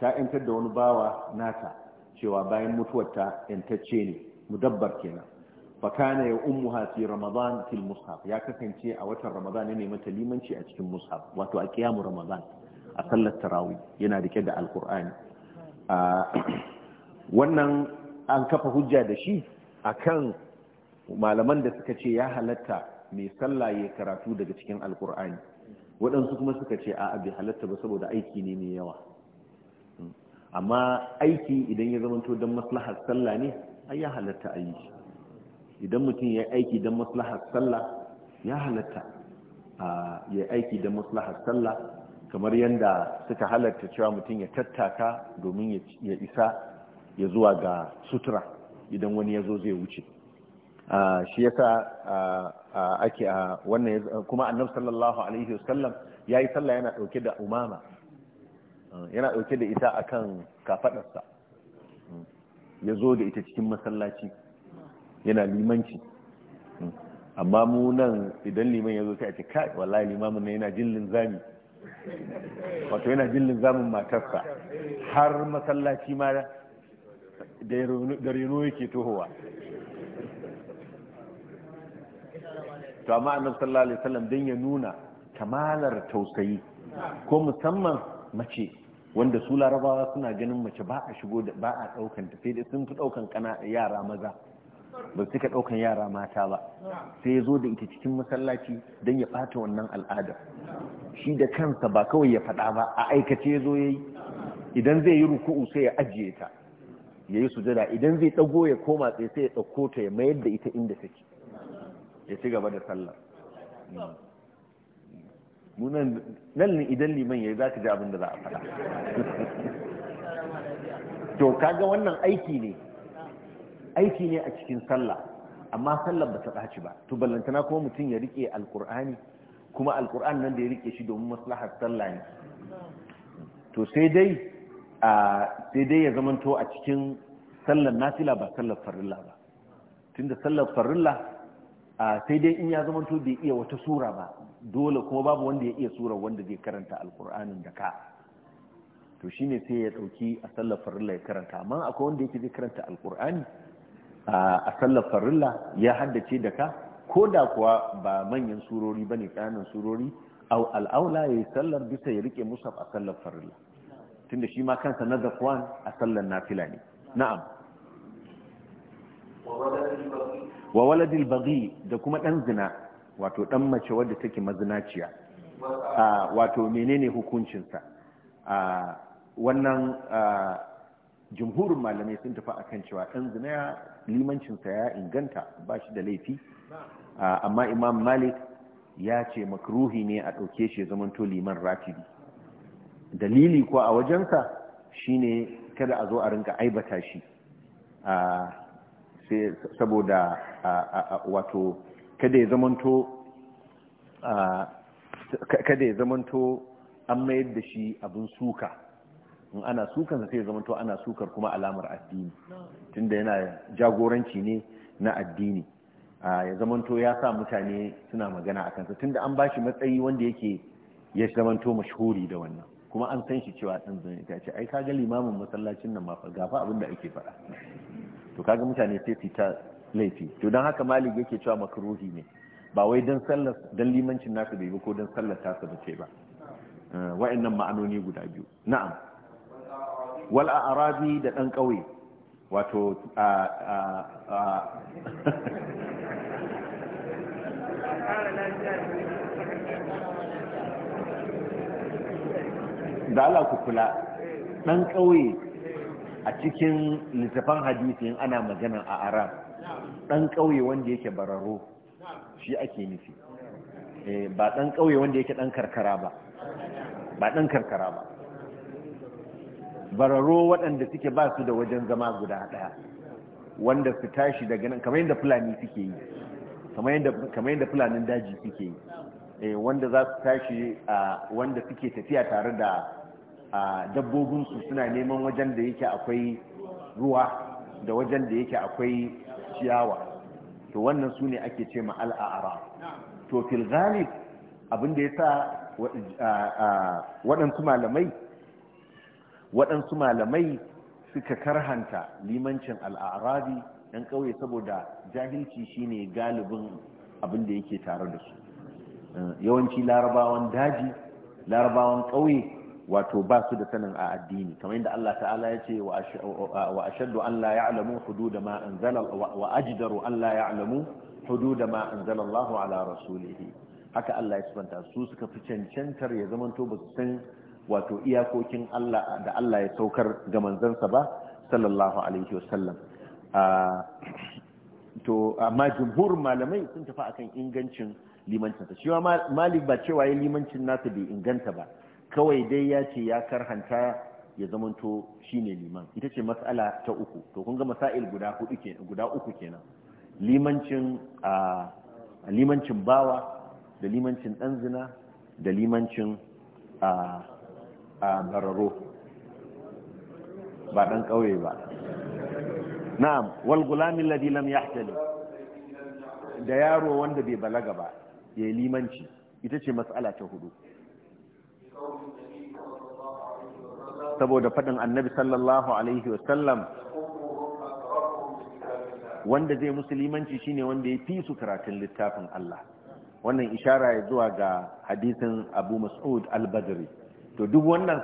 Speaker 1: ta yantar da wani bawa nata cewa bayan mutuwarta yantacce ne Mu mudabbar kenan fakana ya ummuha hafi ramadan fil mushaf ya kasance a watan ramadan ne mata limanci a cikin mushaf wato a kiyamu ramadan a sallar tarawih yana rike da alqur'ani wannan an kafa hujja da shi akan malaman da suka ce ya halatta mai sallah ya karatu daga cikin alqur'ani waɗansu kuma suka ce a bai halatta ba saboda aiki ne mai yawa hmm. amma aiki idan ya zamanto don maslahar sallah ne a ya halatta a yi idan mutum ya aiki don maslahar sallah ya halatta ya aiki don maslahar sallah kamar yadda suka halatta cewa mutum ya tattaka domin ya isa ya zuwa ga sutura idan wani ya zo zai wuce shi yasa ake a wannan kuma annabi sallallahu alaihi wasallam yayi sallah yana dauke da umama yana dauke da ita akan kafaɗarsa ya zo da ita cikin masallaci yana limanci amma mu nan idan liman ya zo sai a ce kai wallahi limamin nan yana jin linzami wato yana jin linzamin matarsa har masallaci ma da reno yake tohowa to amma annabi sallallahu alaihi wasallam dan ya nuna kamalar tausayi ko musamman mace wanda su larabawa suna ganin mace ba a shigo da ba a daukan ta sai dai sun fi daukan kana yara maza ba suka daukan yara mata ba sai ya zo da ita cikin masallaci dan ya bata wannan al'ada shi da kansa ba kawai ya faɗa ba a aikace ya zo yayi idan zai yi ruku'u sai ya ajiye ta ya yi sujada idan zai dago ya koma tsaye sai ya ɗauko ta ya mayar da ita inda take ya ci gaba da sallah munan nan idan liman ya za ka ji abin da za a faɗa to kaga wannan aiki ne aiki ne a cikin sallah amma sallah ba ta ɗaci ba to ballantana kuma mutum ya rike alkur'ani kuma alkur'an nan da ya rike shi domin maslahar sallah ne to sai dai sai dai ya zamanto a cikin sallar nafila ba sallar farilla ba tunda sallar farilla sai dai in ya zama zamanto bai iya wata sura ba dole kuma babu wanda ya iya sura wanda zai karanta alkur'anin da ka to shi ne sai ya dauki a sallar farilla ya karanta amma akwai wanda yake zai karanta alkur'ani a sallar farilla ya haddace da ka ko da kuwa ba manyan surori ba ne tsananin surori au al'aula ya yi sallar bisa ya rike musaf a sallar farilla tunda shi ma kansa na zakwan a sallar nafila ne na'am wa waladil baghi da kuma dan zina wato dan mace wadda take mazinaciya wato menene hukuncinsa wannan jumhurin malamai sun tafi akan cewa dan zina limancinsa ya inganta ba shi da laifi amma imam malik ya ce makruhi ne a ɗauke shi to liman ratibi dalili ko a wajensa shine kada a zo a rinka aibata shi saboda wato kada ya zamanto kada ya zamanto an mayar da shi abin suka in ana sukan sai ya zamanto ana sukar kuma alamar addini tunda yana jagoranci ne na addini ya zamanto ya sa mutane suna magana a kansa tunda an bashi matsayi wanda yake ya zamanto mashhuri da wannan kuma an san shi cewa ɗan zane ta ce ai kaga limamin masallacin nan ma fa gafa abin da ake faɗa to kaga mutane sai su ta laifi to don haka malik yake cewa makruhi ne ba wai don sallar don limancin nasa bai ba ko don sallar tasa ba ce ba eh, wa'annan ma'anoni guda biyu na'am wal a'rabi da dan kauye wato <laughs> da Allah ku kula dan kauye a cikin littafan hadisi in ana magana a arab dan kauye wanda yake bararo shi ake nufi eh, ba dan kauye wanda yake dan karkara ba ba dan karkara ba bararo waɗanda suke ba su da wajen zama guda ɗaya wanda su tashi daga nan kamar yadda fulani suke yi kamar yadda fulanin daji suke yi eh, wanda za su tashi ah, wanda suke tafiya tare da a dabbobinsu suna neman wajen da yake akwai ruwa da wajen da yake akwai ciyawa to wannan su ne ake ce ma al'a'ara to fil abin da ya sa waɗansu malamai waɗansu malamai suka karhanta limancin al'arabi ɗan ƙauye saboda jahilci shine galibin abin da yake tare da su yawanci larabawan daji larabawan ƙauye wato ba su da sanin a addini kamar yadda Allah ta'ala ya ce wa ashaddu an la ya'lamu hudud ma anzala wa ajdaru an la ya'lamu hudud ma anzala Allah ala rasulihi haka Allah ya subanta su suka fi cancantar ya zamanto ba su san wato iyakokin Allah da Allah ya saukar ga manzansa ba sallallahu alaihi wasallam to amma jumhur malamai sun tafi akan ingancin limancinsa shi ma malik ba cewa ya limancin nasa bai inganta ba kawai dai ya ce ya karhanta ya zamanto ne liman ita ce matsala ta uku to kun ga masail guda hudu ke guda uku kenan limancin a limancin bawa da limancin dan zina da limancin a a bararo ba dan kauye ba na'am wal gulam alladhi lam yahtalim da yaro wanda bai balaga ba ya limanci ita ce matsala ta hudu saboda faɗin annabi sallallahu alaihi wasallam wanda zai musulmanci shine wanda ya fi su karatun littafin Allah wannan ishara ya zuwa ga hadisin Abu Mas'ud al-Badri to duk wannan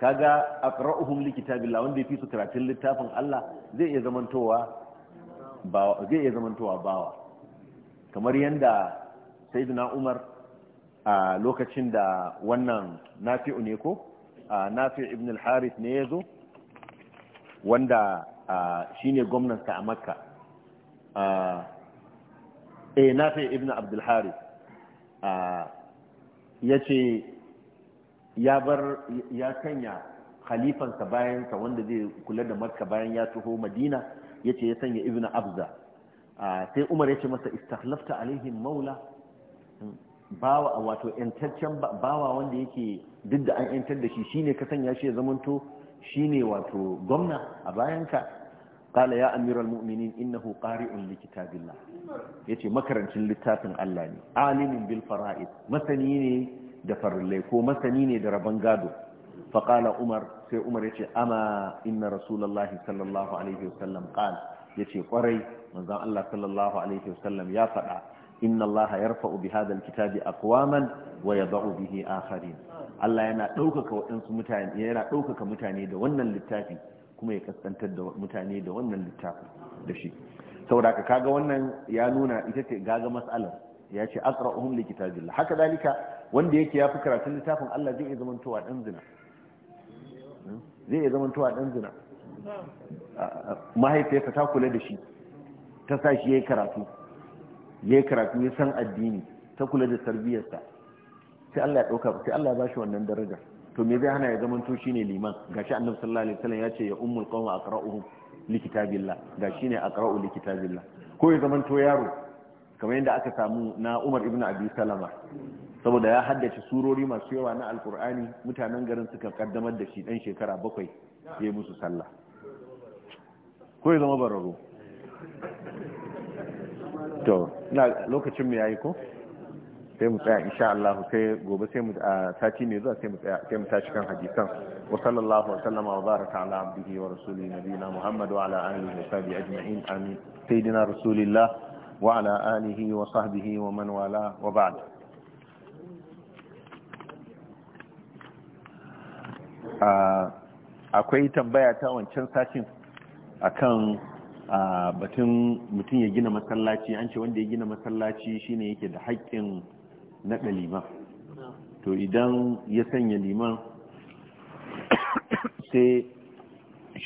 Speaker 1: kaga aqra'uhum likitabillah wanda ya fi su karatun littafin Allah zai iya zamantowa bawa zai iya zamantowa bawa kamar yanda sayyidina Umar a lokacin da wannan nafi'u ne ko nafi ibn al-harith ne ya zo wanda shi ne gwamnansa a makka eh nafi ibn abdul harith ya ce ya bar ya sanya khalifansa bayansa wanda zai kula da makka bayan ya taho madina ya ce ya sanya ibn abza sai umar ya ce masa istakhlafta alaihim maula bawa wato yantaccen bawa wanda yake duk da an yantar da shi shine ka sanya shi ya zamanto shine wato gwamna a bayanka qala ya amiral mu'minin innahu qari'un li kitabillah yace makarancin littafin Allah ne alimin bil fara'id masani ne da farillai ko masani ne da rabon gado fa qala umar sai umar yace ama inna rasulullahi sallallahu alaihi wasallam qala yace kwarai manzon Allah sallallahu alaihi wasallam ya faɗa inna Allah yarfa'u bi hadha alkitabi aqwaman wa yad'u bihi akharin Allah yana ɗaukaka waɗansu mutane yana ɗaukaka mutane da wannan littafi kuma ya kaskantar da mutane da wannan littafin da shi saboda ka kaga wannan ya nuna ita ce gaga mas'alar ya ce aqra'uhum li kitabillah haka dalika wanda yake ya fi karatun littafin Allah zai iya zamantowa dan zina hmm? zina ta kula da shi ta sa shi yi karatu ya karatu ya san addini ta kula da tarbiyyarsa sai Allah ya dauka sai Allah ya bashi wannan daraja to me zai hana ya zaman to shine liman gashi annabi sallallahu alaihi wasallam ya ce ya ummul qawma aqra'uhum li kitabillah gashi ne aqra'u li kitabillah ko ya zaman to yaro kamar yadda aka samu na Umar ibn Abi Salama saboda ya haddace surori masu yawa na alkur'ani mutanen garin suka kaddamar da shi dan shekara bakwai ya musu sallah ko ya zama bararo to na lokacin mu yayi ko sai mu tsaya insha Allah sai gobe sai mu a sati ne zuwa sai mu tsaya sai mu tashi kan hadisan wa sallallahu wa sallama wa baraka ala abdihi wa rasulihi nabiyina Muhammad wa ala alihi wa sahbihi ajma'in amin sayyidina rasulillah wa ala alihi wa sahbihi wa man wala wa ba'd akwai tambaya ta wancan sashin akan a batun mutum ya gina masallaci an ce wanda ya gina masallaci shine yake da haƙƙin naɗa liman to idan ya sanya liman sai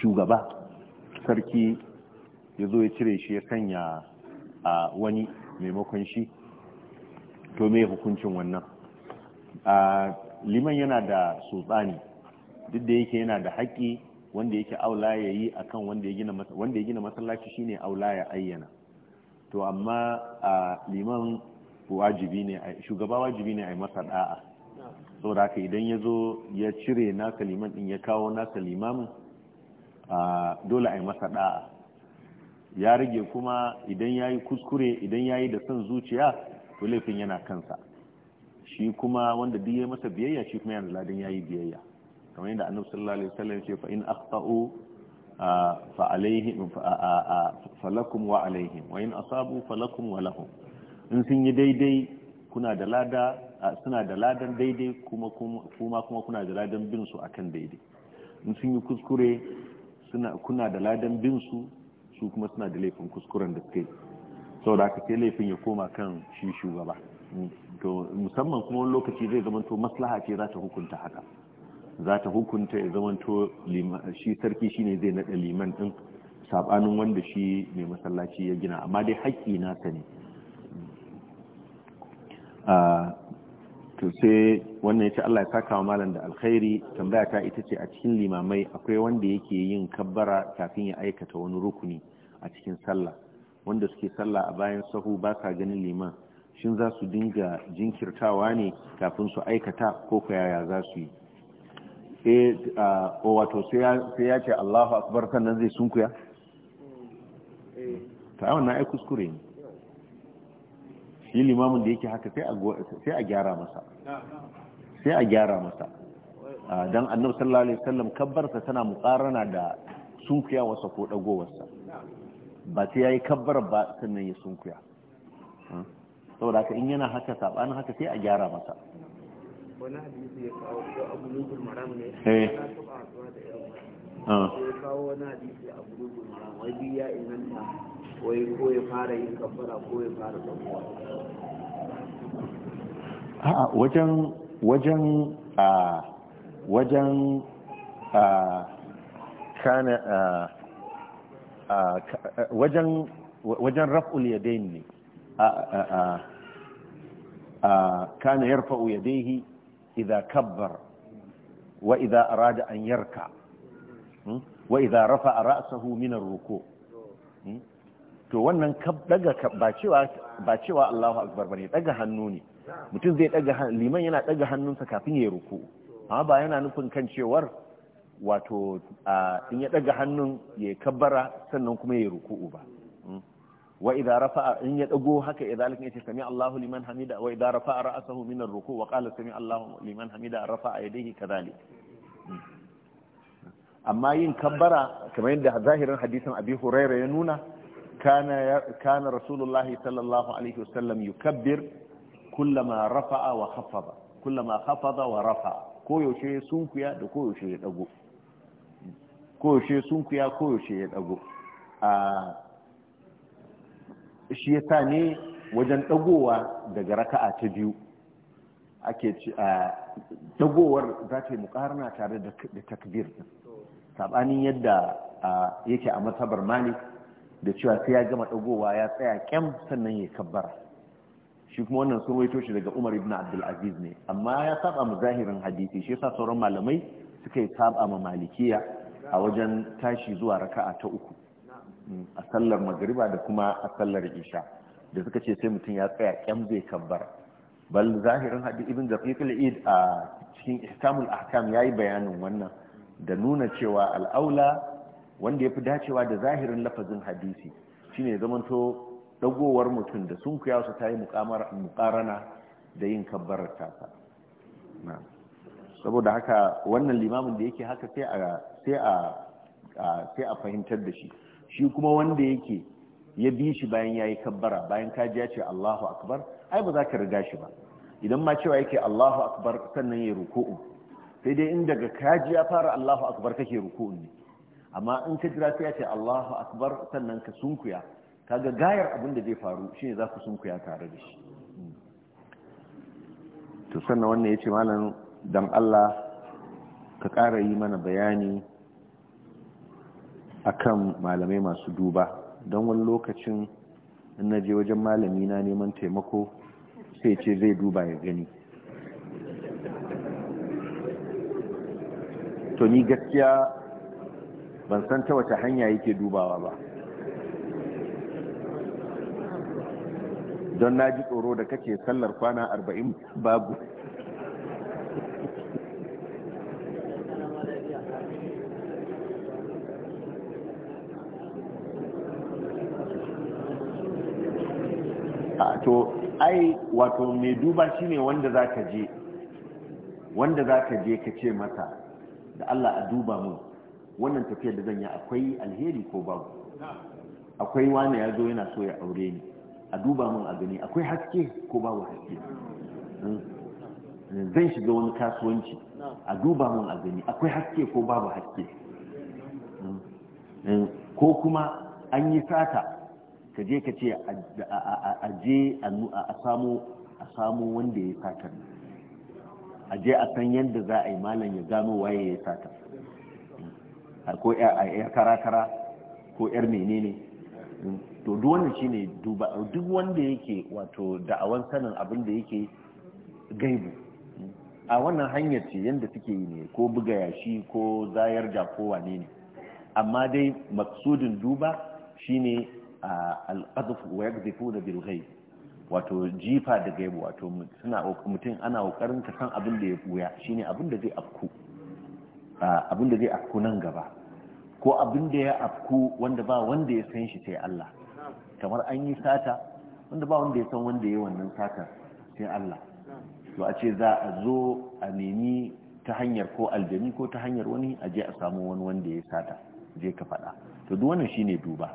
Speaker 1: shugaba sarki ya zo ya cire shi ya sanya a wani maimakon shi to me hukuncin wannan liman yana da ne duk da yake yana da haƙƙi wanda yake aula ya yi a kan wanda ya gina masallaci shine aula ya ayyana to amma a liman wajibi ne shugaba wajibi ne a yi masa da'a saboda haka idan ya zo ya cire nasa liman din ya kawo nasa limamin dole a yi masa da'a ya rage kuma idan ya yi kuskure idan ya yi da son zuciya to laifin yana kansa shi kuma wanda duk ya masa biyayya shi kuma yana ladin ya yi biyayya kamar yadda annabi sallallahu alaihi wasallam ce fa in akhta'u fa fa falakum wa alaihim wa in asabu falakum wa lahum in sun yi daidai kuna da lada suna da ladan daidai kuma kuma kuma kuna da ladan bin su akan daidai in sun yi kuskure suna kuna da ladan bin su su kuma suna da laifin kuskuren da suke saboda haka sai laifin ya koma kan shi shugaba to musamman kuma wani lokaci zai zama to maslaha ce za ta hukunta haka za ta hukunta ya zamanto shi sarki shi ne zai naɗa liman ɗin saɓanin wanda shi mai masallaci ya gina amma dai haƙƙi nasa ne to sai wannan ya ce Allah ya saka wa malam da alkhairi tambaya ta ita ce a cikin limamai akwai wanda yake yin kabbara kafin ya aikata wani rukuni a cikin sallah wanda suke sallah a bayan sahu ba ka ganin liman shin za su dinga jinkirtawa ne kafin su aikata ko yaya za su yi sai wato sai ya ce Allahu akbar sannan zai sunkuya ta wannan aiki kuskure ne shi limamin da yake haka sai a gyara masa sai a gyara masa don annabu sallallahu alaihi wasallam kabbarsa tana mukarana da sunkuya wasa ko dagowarsa ba sai ya yi kabbar ba sannan ya sunkuya saboda haka in yana haka sabanin haka sai a gyara masa wani hadisi ya kawo ko a bulugul maram ne ya taɓa haɗuwa da irin wani ya kawo wani hadisi a bulugul maram wai biya inganta wai ko ya fara
Speaker 2: yin kafara ko ya fara tsakuwa
Speaker 1: a'a wajen wajen a wajen a kana a wajen wajen raf'ul yadayn ne a a a kana yarfa'u yadayhi إذا كبر وإذا أراد أن يركع وإذا رفع رأسه من الركوع to wannan daga ba cewa Allahu akbar bane daga hannu ne mutum zai daga liman yana daga hannunsa kafin ya ruku amma ba yana nufin kan cewar wato in ya daga hannun ya kabbara sannan kuma ya ruku'u ba hm? wa idza rafa'a in ya dago haka idalik ne ce sami Allahu liman hamida wa idza rafa'a ra'sahu min ar-ruku wa qala sami Allahu liman hamida rafa'a yadayhi kadhalik amma yin kabbara kamar yadda zahirin hadisin Abi Hurairah ya nuna kana kana Rasulullahi sallallahu alaihi wasallam yukabbir kullama rafa'a wa khaffada kullama khafada wa rafa'a koyaushe sunkuya da koyaushe ya dago koyaushe sunkuya koyaushe ya dago a ah, shi ya sa ne wajen dagowa daga raka'a ta biyu ake ci a dagowar za ta yi mukarana tare da takbir saɓanin yadda yake a masabar malik da cewa sai ya gama dagowa ya tsaya kyam sannan ya kabbara shi kuma wannan sun waito shi daga umar ibn abdulaziz ne amma ya saba mu zahirin hadisi shi yasa sauran malamai suka yi saba ma malikiya a wajen tashi zuwa raka'a ta uku a sallar magariba da kuma a sallar isha da suka ce sai mutum ya tsaya kyam zai kabbara bal zahirin hadi ibn zafiq al-id a cikin ihkamul ahkam yayi bayanin wannan da nuna cewa al'aula wanda ya fi dacewa da zahirin lafazin hadisi shine ya zamanto dagowar mutum da sun kuya su tayi mukarana da yin kabbarar tasa saboda haka wannan limamin da yake haka sai sai a fahimtar da shi shi kuma wanda yake ya bi shi bayan ya yi kabbara bayan ka ji ya ce Allahu akbar ai ba za ka riga shi ba idan ma cewa yake Allahu akbar sannan ya ruku'u sai dai in daga ka ji ya fara Allahu akbar kake ruku'un ne amma in ka jira sai ya ce Allahu akbar sannan ka sunkuya kaga gayar abin da zai faru shine za ku sunkuya tare da shi to sannan wannan yace malam dan Allah ka ƙara yi mana bayani akan malamai masu duba don wani lokacin na je wajen malami na neman taimako sai ce zai duba ya gani to ni gaskiya ban san ta wata hanya yake dubawa ba don na ji tsoro da kake sallar kwana arba'in babu to ai wato mai duba shi ne wanda za ka je wanda za ka je ka ce masa da Allah a duba mun wannan tafiyar da zan yi akwai alheri ko babu akwai wani ya zo yana so ya aure ni a duba mun a gani akwai haske ko babu haske hmm. zan shiga wani kasuwanci a duba mun a gani akwai haske ko babu haske hmm. Hmm. ko kuma an yi sata ka je ka ce a je a samu a samu wanda ya satar a je a san yadda za a yi malam ya gano waye ya satar ko ya kara-kara ko yar menene to duk wannan ne duba duk wanda yake wato da'awan sanin abin da yake gaibu a wannan hanyar ce yadda suke yi ne ko buga yashi ko zayar da kowa ne ne amma dai maksudin duba shi ne. alqadf wa yakdifuna bil wato jifa da gaibu wato mutum ana kokarin ka san abin da ya buya shine abin da zai afku abin da zai afku nan gaba ko abin da ya afku wanda ba wanda ya san shi sai Allah kamar an yi sata wanda ba wanda ya san wanda ya wannan sata sai Allah to a ce za a zo a nemi ta hanyar ko aljami ko ta hanyar wani a je a samu wani wanda ya sata je ka faɗa to duk wannan shine duba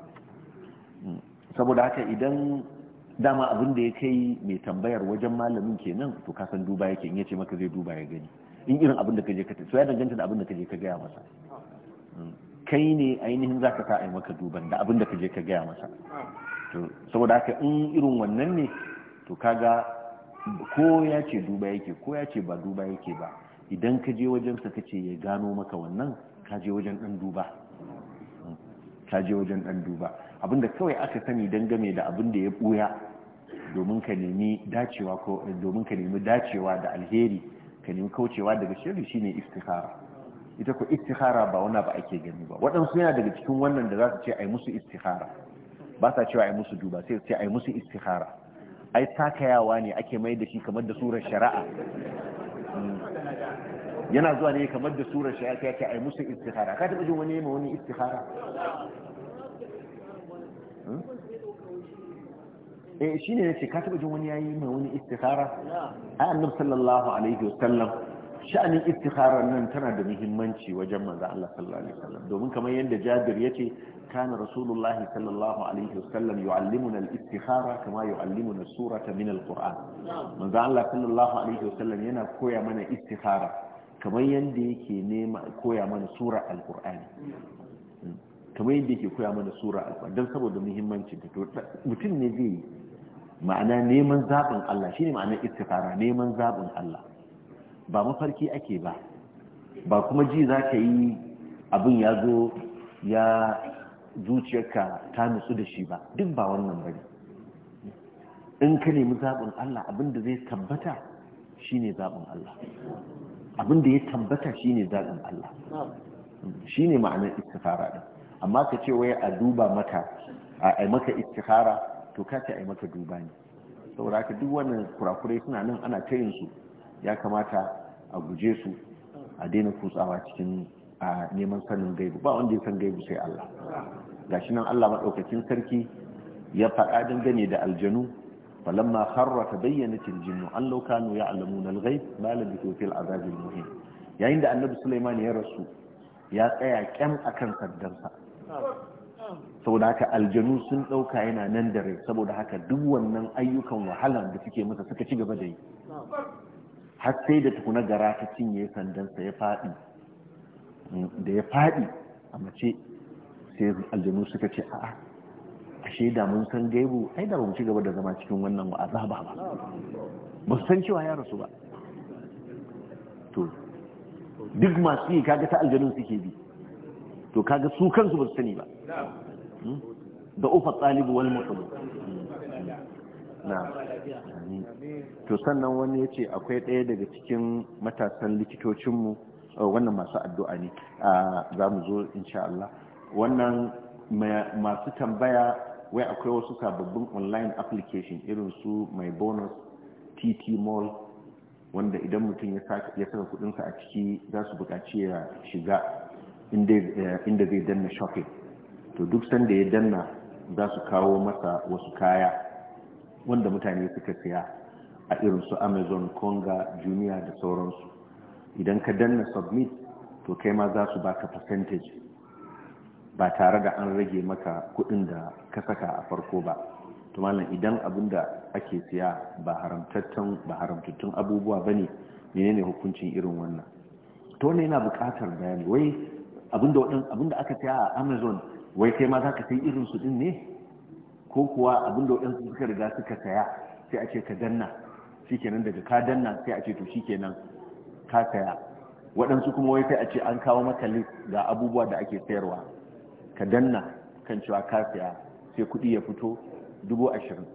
Speaker 1: saboda haka idan dama abin da ya kai mai tambayar wajen malamin kenan to ka san duba yake in yace maka zai duba ya gani in irin abin da ka je ka so ya danganta da abin da ka je ka gaya masa mm. kai ne ainihin za sa ai maka duban da abin da ka je ka gaya masa to saboda haka in irin wannan ne to kaga ko ya ce duba yake ko ya ce ba duba yake ba idan ka je wajen sa kace ya gano maka wannan ka je wajen dan duba mm. ka je wajen dan duba abinda kawai aka sani game da abin da ya buya domin ka nemi dacewa ko domin ka nemi dacewa da alheri ka nemi kaucewa daga shirri shine istikhara ita ko istikhara ba wani ba ake gani ba waɗansu yana daga cikin wannan da za su ce ai musu istikhara ba sa cewa ai musu duba sai su ce ai musu istikhara ai takayawa ne ake mai da shi kamar da surar shari'a yana zuwa ne kamar da surar shari'a ta ce ai musu istikhara ka taɓa jin wani yi wani istikhara eh shine ce ka taba jin wani yayi mai wani istikhara ai annabi sallallahu alaihi wasallam sha'anin istikharar nan tana da muhimmanci wajen manzo Allah sallallahu alaihi wasallam domin kamar yadda Jabir yace kana rasulullah sallallahu alaihi wasallam yu'allimuna al-istikhara kama yu'allimuna surata min al-Qur'an manzo Allah sallallahu alaihi wasallam yana koya mana istikhara kamar yadda yake nema koya mana sura al-Qur'ani hmm. kamar yadda yake koya mana sura al-Qur'ani dan saboda muhimmancin ta mutum ne zai yi. ma'ana neman zaɓin Allah Shi shine ma'anar istifara neman zaɓin Allah ba mafarki ake ba ba kuma ji za ka yi abin ya zo ya zuciyarka ta nutsu da shi ba duk ba wannan bari in ka nemi zaɓin Allah abin da zai tabbata shi ne zaɓin Allah abin da ya tabbata shi ne zaɓin Allah Shi shine ma'anar istifara ɗin amma ka ce wai a duba maka a maka istihara to ka ce a yi maka duba ne saboda haka duk wannan kurakurai suna nan ana tayin su ya kamata a guje su a daina kutsawa cikin a neman sanin gaibu ba wanda ya san gaibu sai Allah gashi nan Allah madaukakin sarki ya faɗa dangane da aljanu falamma kharra tabayyanat aljinnu an law kanu ya'lamuna alghayb ma labithu fil azab almuhin yayin da annabi Sulaiman ya rasu ya tsaya kyan akan sardarsa saboda haka aljanu sun ɗauka yana nan da rai saboda haka duk wannan ayyukan wahala da suke masa suka ci gaba da yi har sai da tukuna gara ta cinye sandansa ya faɗi da ya faɗi a mace sai aljanu suka ce a'a ashe da mun san gaibu ai da mu ci gaba da zama cikin wannan azaba ba ba su san cewa ya rasu ba to duk masu yi kaga ta aljanun suke bi to kaga su kansu ba su sani ba da ufa talibu wal mutlub na to sannan wani ya ce akwai ɗaya daga cikin matasan likitocinmu eh, wannan masu addu'a ne za mu zo insha Allah wannan masu tambaya wai akwai wasu sababbin online application irin su mai bonus tt mall wanda idan mutum ya saka kudinsa a ciki za su buƙaci ya shiga inda eh, zai danna shopping to duk sanda ya danna za su kawo masa wasu kaya wanda mutane suka siya a irin su amazon conga junior da sauransu idan ka danna submit to kai ma za su baka percentage ba tare da an rage maka kudin da ka saka a farko ba tumanin idan abin da ake siya ba haramtattun ba haramtattun abubuwa ne menene hukuncin irin wannan to wani yana bukatar bayani wai abinda abinda aka siya a Amazon wai kai ma za ka sai irin su din ne ko kuwa abin da waɗansu suka riga suka saya sai a ce ka danna shi kenan daga ka danna sai a ce to kenan ka saya waɗansu kuma wai sai a ce an kawo maka list ga abubuwa da ake sayarwa ka danna kan cewa ka saya sai kuɗi ya fito dubu ashirin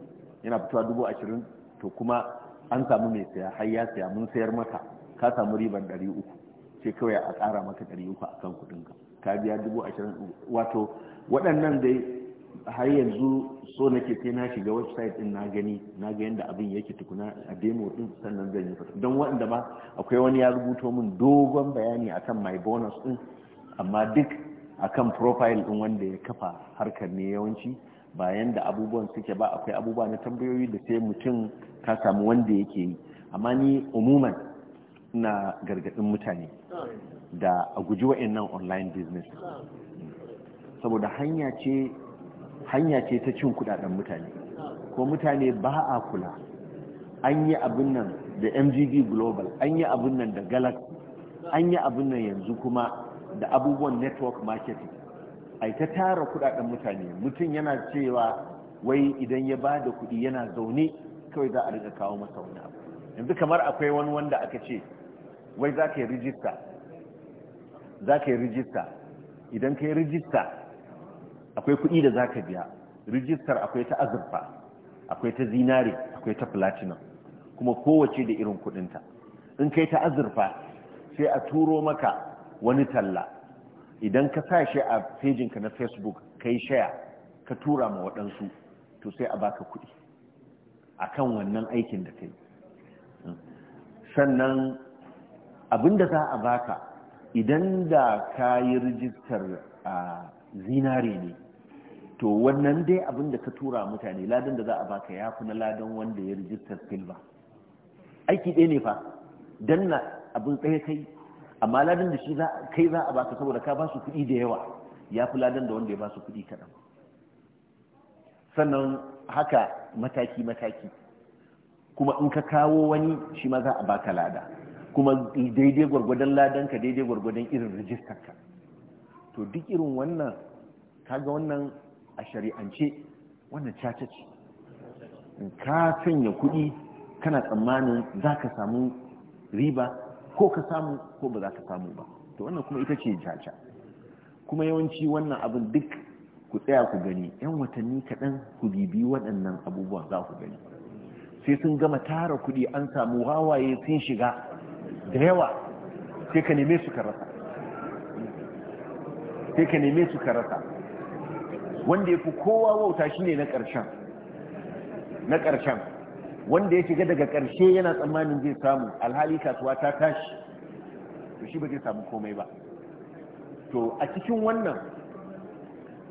Speaker 1: yana fitowa dubu ashirin to kuma an samu mai saya har ya saya mun sayar maka ka samu ribar ɗari uku sai kawai a ƙara maka ɗari uku a kan ka ka biya dubu ashirin wato waɗannan dai har yanzu so na nake sai na shiga website din na gani na ga yadda abin yake tukuna a demo din sannan zan yi fata don waɗanda ba akwai wani ya rubuto min dogon bayani akan my bonus din amma duk akan profile din wanda ya kafa harkar ne yawanci ba da abubuwan suke ba akwai abubuwa na tambayoyi da sai mutum ka samu wanda yake yi amma ni umuman na gargaɗin mutane da a guji waɗannan online business saboda hanya ce hanya ce ta cin kudaden mutane ko mutane ba a kula an yi abin nan da mgb global an yi abin nan da galaxy an yi abin nan yanzu kuma da abubuwan network marketing ai ta tara kudaden mutane mutum yana cewa wai idan ya ba da kudi yana zaune kawai za a riga kawo masa wani abu yanzu kamar akwai wani wanda aka ce wai za ka yi rijista za ka yi rijista idan ka yi rijista akwai kuɗi da za ka biya rijistar akwai ta azurfa akwai ta zinare akwai ta platinum kuma kowace da irin kuɗinta in kai ta azurfa sai a turo maka wani talla idan ka sa shi a ka na facebook ka yi shaya ka tura ma waɗansu to sai a baka kuɗi a kan wannan aikin da kai sannan abin da za a baka idan da ka yi rijistar a ah, zinare ne to wannan dai abin da ka tura mutane ladan da za a baka ya fi na ladan wanda ya rijistar silba aiki ɗaya ne fa don na abin tsaye kai amma ladan da shi kai za a baka saboda ka ba su kuɗi da yawa ya fi ladan da wanda ya ba su kuɗi kaɗan sannan haka mataki-mataki kuma in ka kawo wani shi ma za a baka lada kuma daidai gwargwadon Ladan ka daidai gwargwadon irin ka to duk irin wannan kaga wannan a shari'ance wannan caca
Speaker 3: ce
Speaker 1: ka sanya kuɗi kana tsammanin za ka samu riba ko ka samu ko ba za ka samu ba to wannan kuma ita ce caca kuma yawanci wannan abin duk ku tsaya ku gani yan watanni kaɗan ku bibi waɗannan abubuwa za ku gani sai sun gama tara kuɗi an samu hawaye sun shiga da yawa sai ka neme su ka sai ka neme su ka rasa wanda ya fi kowa wauta shi na na ƙarshen wanda ya shiga daga ƙarshe yana tsammanin zai samu alhali kasuwa ta tashi to shi ba zai samu komai ba to a cikin wannan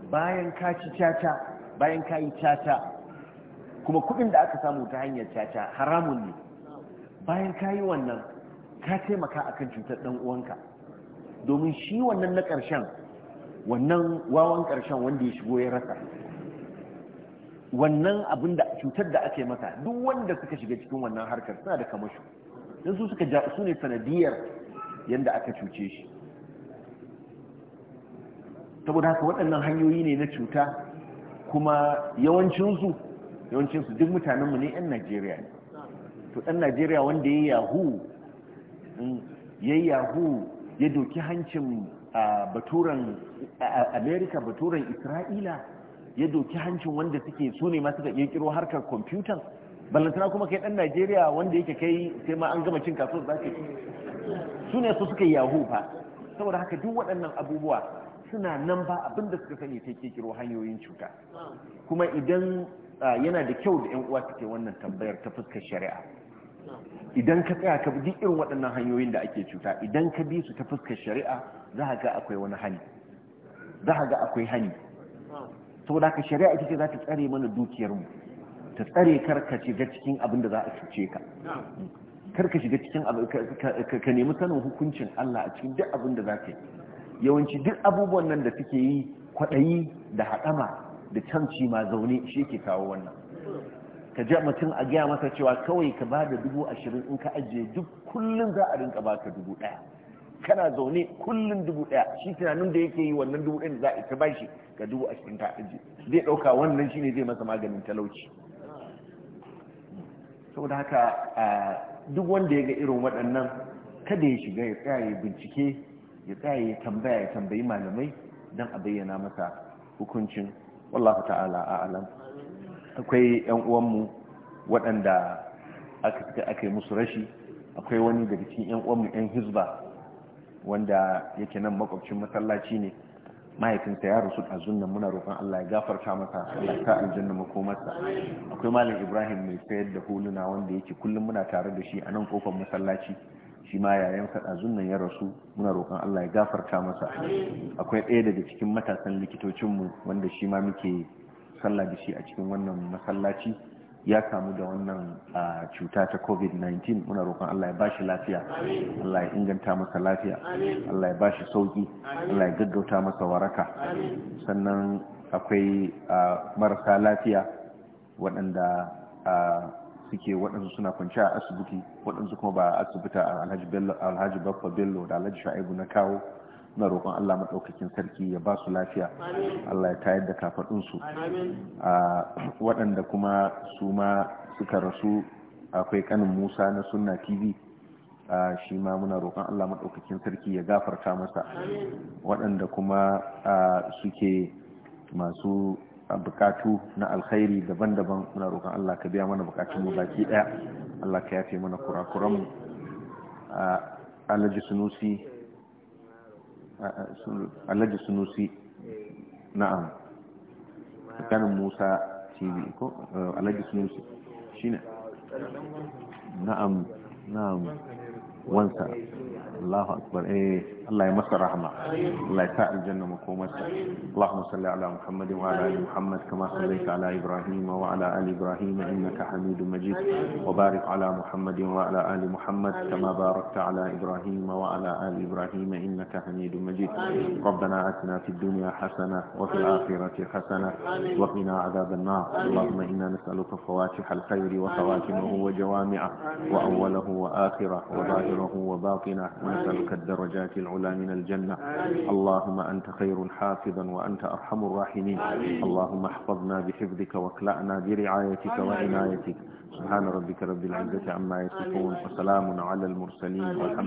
Speaker 1: bayan ka ci caca bayan ka yi caca kuma kuɗin da aka samu ta hanyar caca haramun ne bayan ka yi wannan ka taimaka akan cutar ɗan uwanka domin shi wannan na ƙarshen wannan wawan ƙarshen wanda ya shigo ya rasa wannan abin da cutar da ake masa duk wanda suka shiga cikin wannan harkar suna da kamashu don su suka ja su ne sanadiyar yadda aka cuce shi saboda haka waɗannan hanyoyi ne na cuta kuma yawancinsu yawancinsu duk mutanenmu ne 'yan najeriya ne to ɗan najeriya wanda ya yahu mm, ya yahu ya doki hancin baturan america baturan isra'ila ya doki hancin wanda suke su ne masu da kirkiro harkar kwamfutan ballantana kuma kai dan najeriya wanda yake kai sai ma an gama cin kasuwar za ka su ne su suka yi yahoo fa saboda haka duk waɗannan abubuwa suna nan ba abinda suka sani sai kirkiro hanyoyin cuta kuma idan yana da kyau da 'yan uwa suke wannan tambayar ta fuskar shari'a idan ka tsaya ka bi irin waɗannan hanyoyin da ake cuta idan ka bi su ta fuskar shari'a za ga akwai wani hani za ga akwai hani saboda ka shari'a ita ce za ta tsare mana dukiyarmu ta tsare kar ka shiga cikin abin da za a cuce ka kar ka shiga cikin ka nemi sanin hukuncin Allah a cikin duk abin da za ka yi yawanci duk abubuwan nan da suke yi kwaɗayi da haɗama da canci ma zaune shi ke kawo wannan ka ji mutum a gaya masa cewa kawai ka ba da dubu ashirin in ka ajiye duk kullum za a rinka baka dubu ɗaya kana zaune kullum dubu ɗaya shi tunanin da yake yi wannan dubu ɗaya za a ita bashi ga dubu ashirin ta zai ɗauka wannan shine zai masa maganin talauci saboda haka duk wanda ya ga irin waɗannan kada ya shiga ya tsaya ya bincike ya tsaya ya tambaya ya tambayi malamai don a bayyana masa hukuncin wallahu ta'ala alam akwai yan uwanmu waɗanda aka yi musu rashi akwai wani daga cikin yan uwanmu yan hizba wanda yake nan makwabcin masallaci ne mahaifinsa ya rasu ɗazun nan muna roƙon Allah ya gafarta masa Allah ta aljanna makomarsa akwai malam Ibrahim mai sayar da huluna wanda yake kullum muna tare da shi a nan kofar masallaci shi ma yayansa ɗazun nan ya rasu muna roƙon Allah ya gafarta masa akwai ɗaya daga cikin matasan likitocinmu wanda shi ma muke sallah da shi a cikin wannan masallaci ya kamu da wannan cuta ta covid-19 muna roƙon Allah ya ba shi lafiya Allah ya inganta masa lafiya Allah ya ba shi sauƙi Allah ya gaggauta masa waraka sannan akwai marasa lafiya waɗanda suke waɗansu suna kwanci a asibiti waɗansu kuma ba a asibita alhaji bello da alhaji sha'ibu na kawo na roƙon Allah maɗaukakin sarki ya ba su lafiya Allah ya tayar da kafaɗinsu waɗanda kuma su ma suka rasu akwai kanin Musa na sunna TV shi ma muna roƙon Allah maɗaukakin sarki ya gafarta masa waɗanda kuma suke masu bukatu na alkhairi daban-daban muna roƙon Allah ka biya mana bukatun mu baki ɗaya Allah ka yafe mana kurakuranmu a alhaji sunusi alhaji sunusi na'am tsakanin musa tv ko alhaji sunusi shi ne na'am na'am wansa allahu akbar eh Allah ya masa rahama Allah ya sa aljanna makomarsa Allahumma salli ala Muhammad wa ala ali Muhammad kama sallaita ala Ibrahim wa ala ali Ibrahim innaka Hamidum Majid wa barik ala Muhammad wa ala ali Muhammad kama barakta ala Ibrahim wa ala ali Ibrahim innaka Hamidum Majid هؤلاء من الجنة آمين. اللهم أنت خير حافظا وأنت أرحم الراحمين آمين. اللهم احفظنا بحفظك واكلأنا برعايتك وعنايتك سبحان ربك رب العزة عما يصفون وسلام على المرسلين والحمد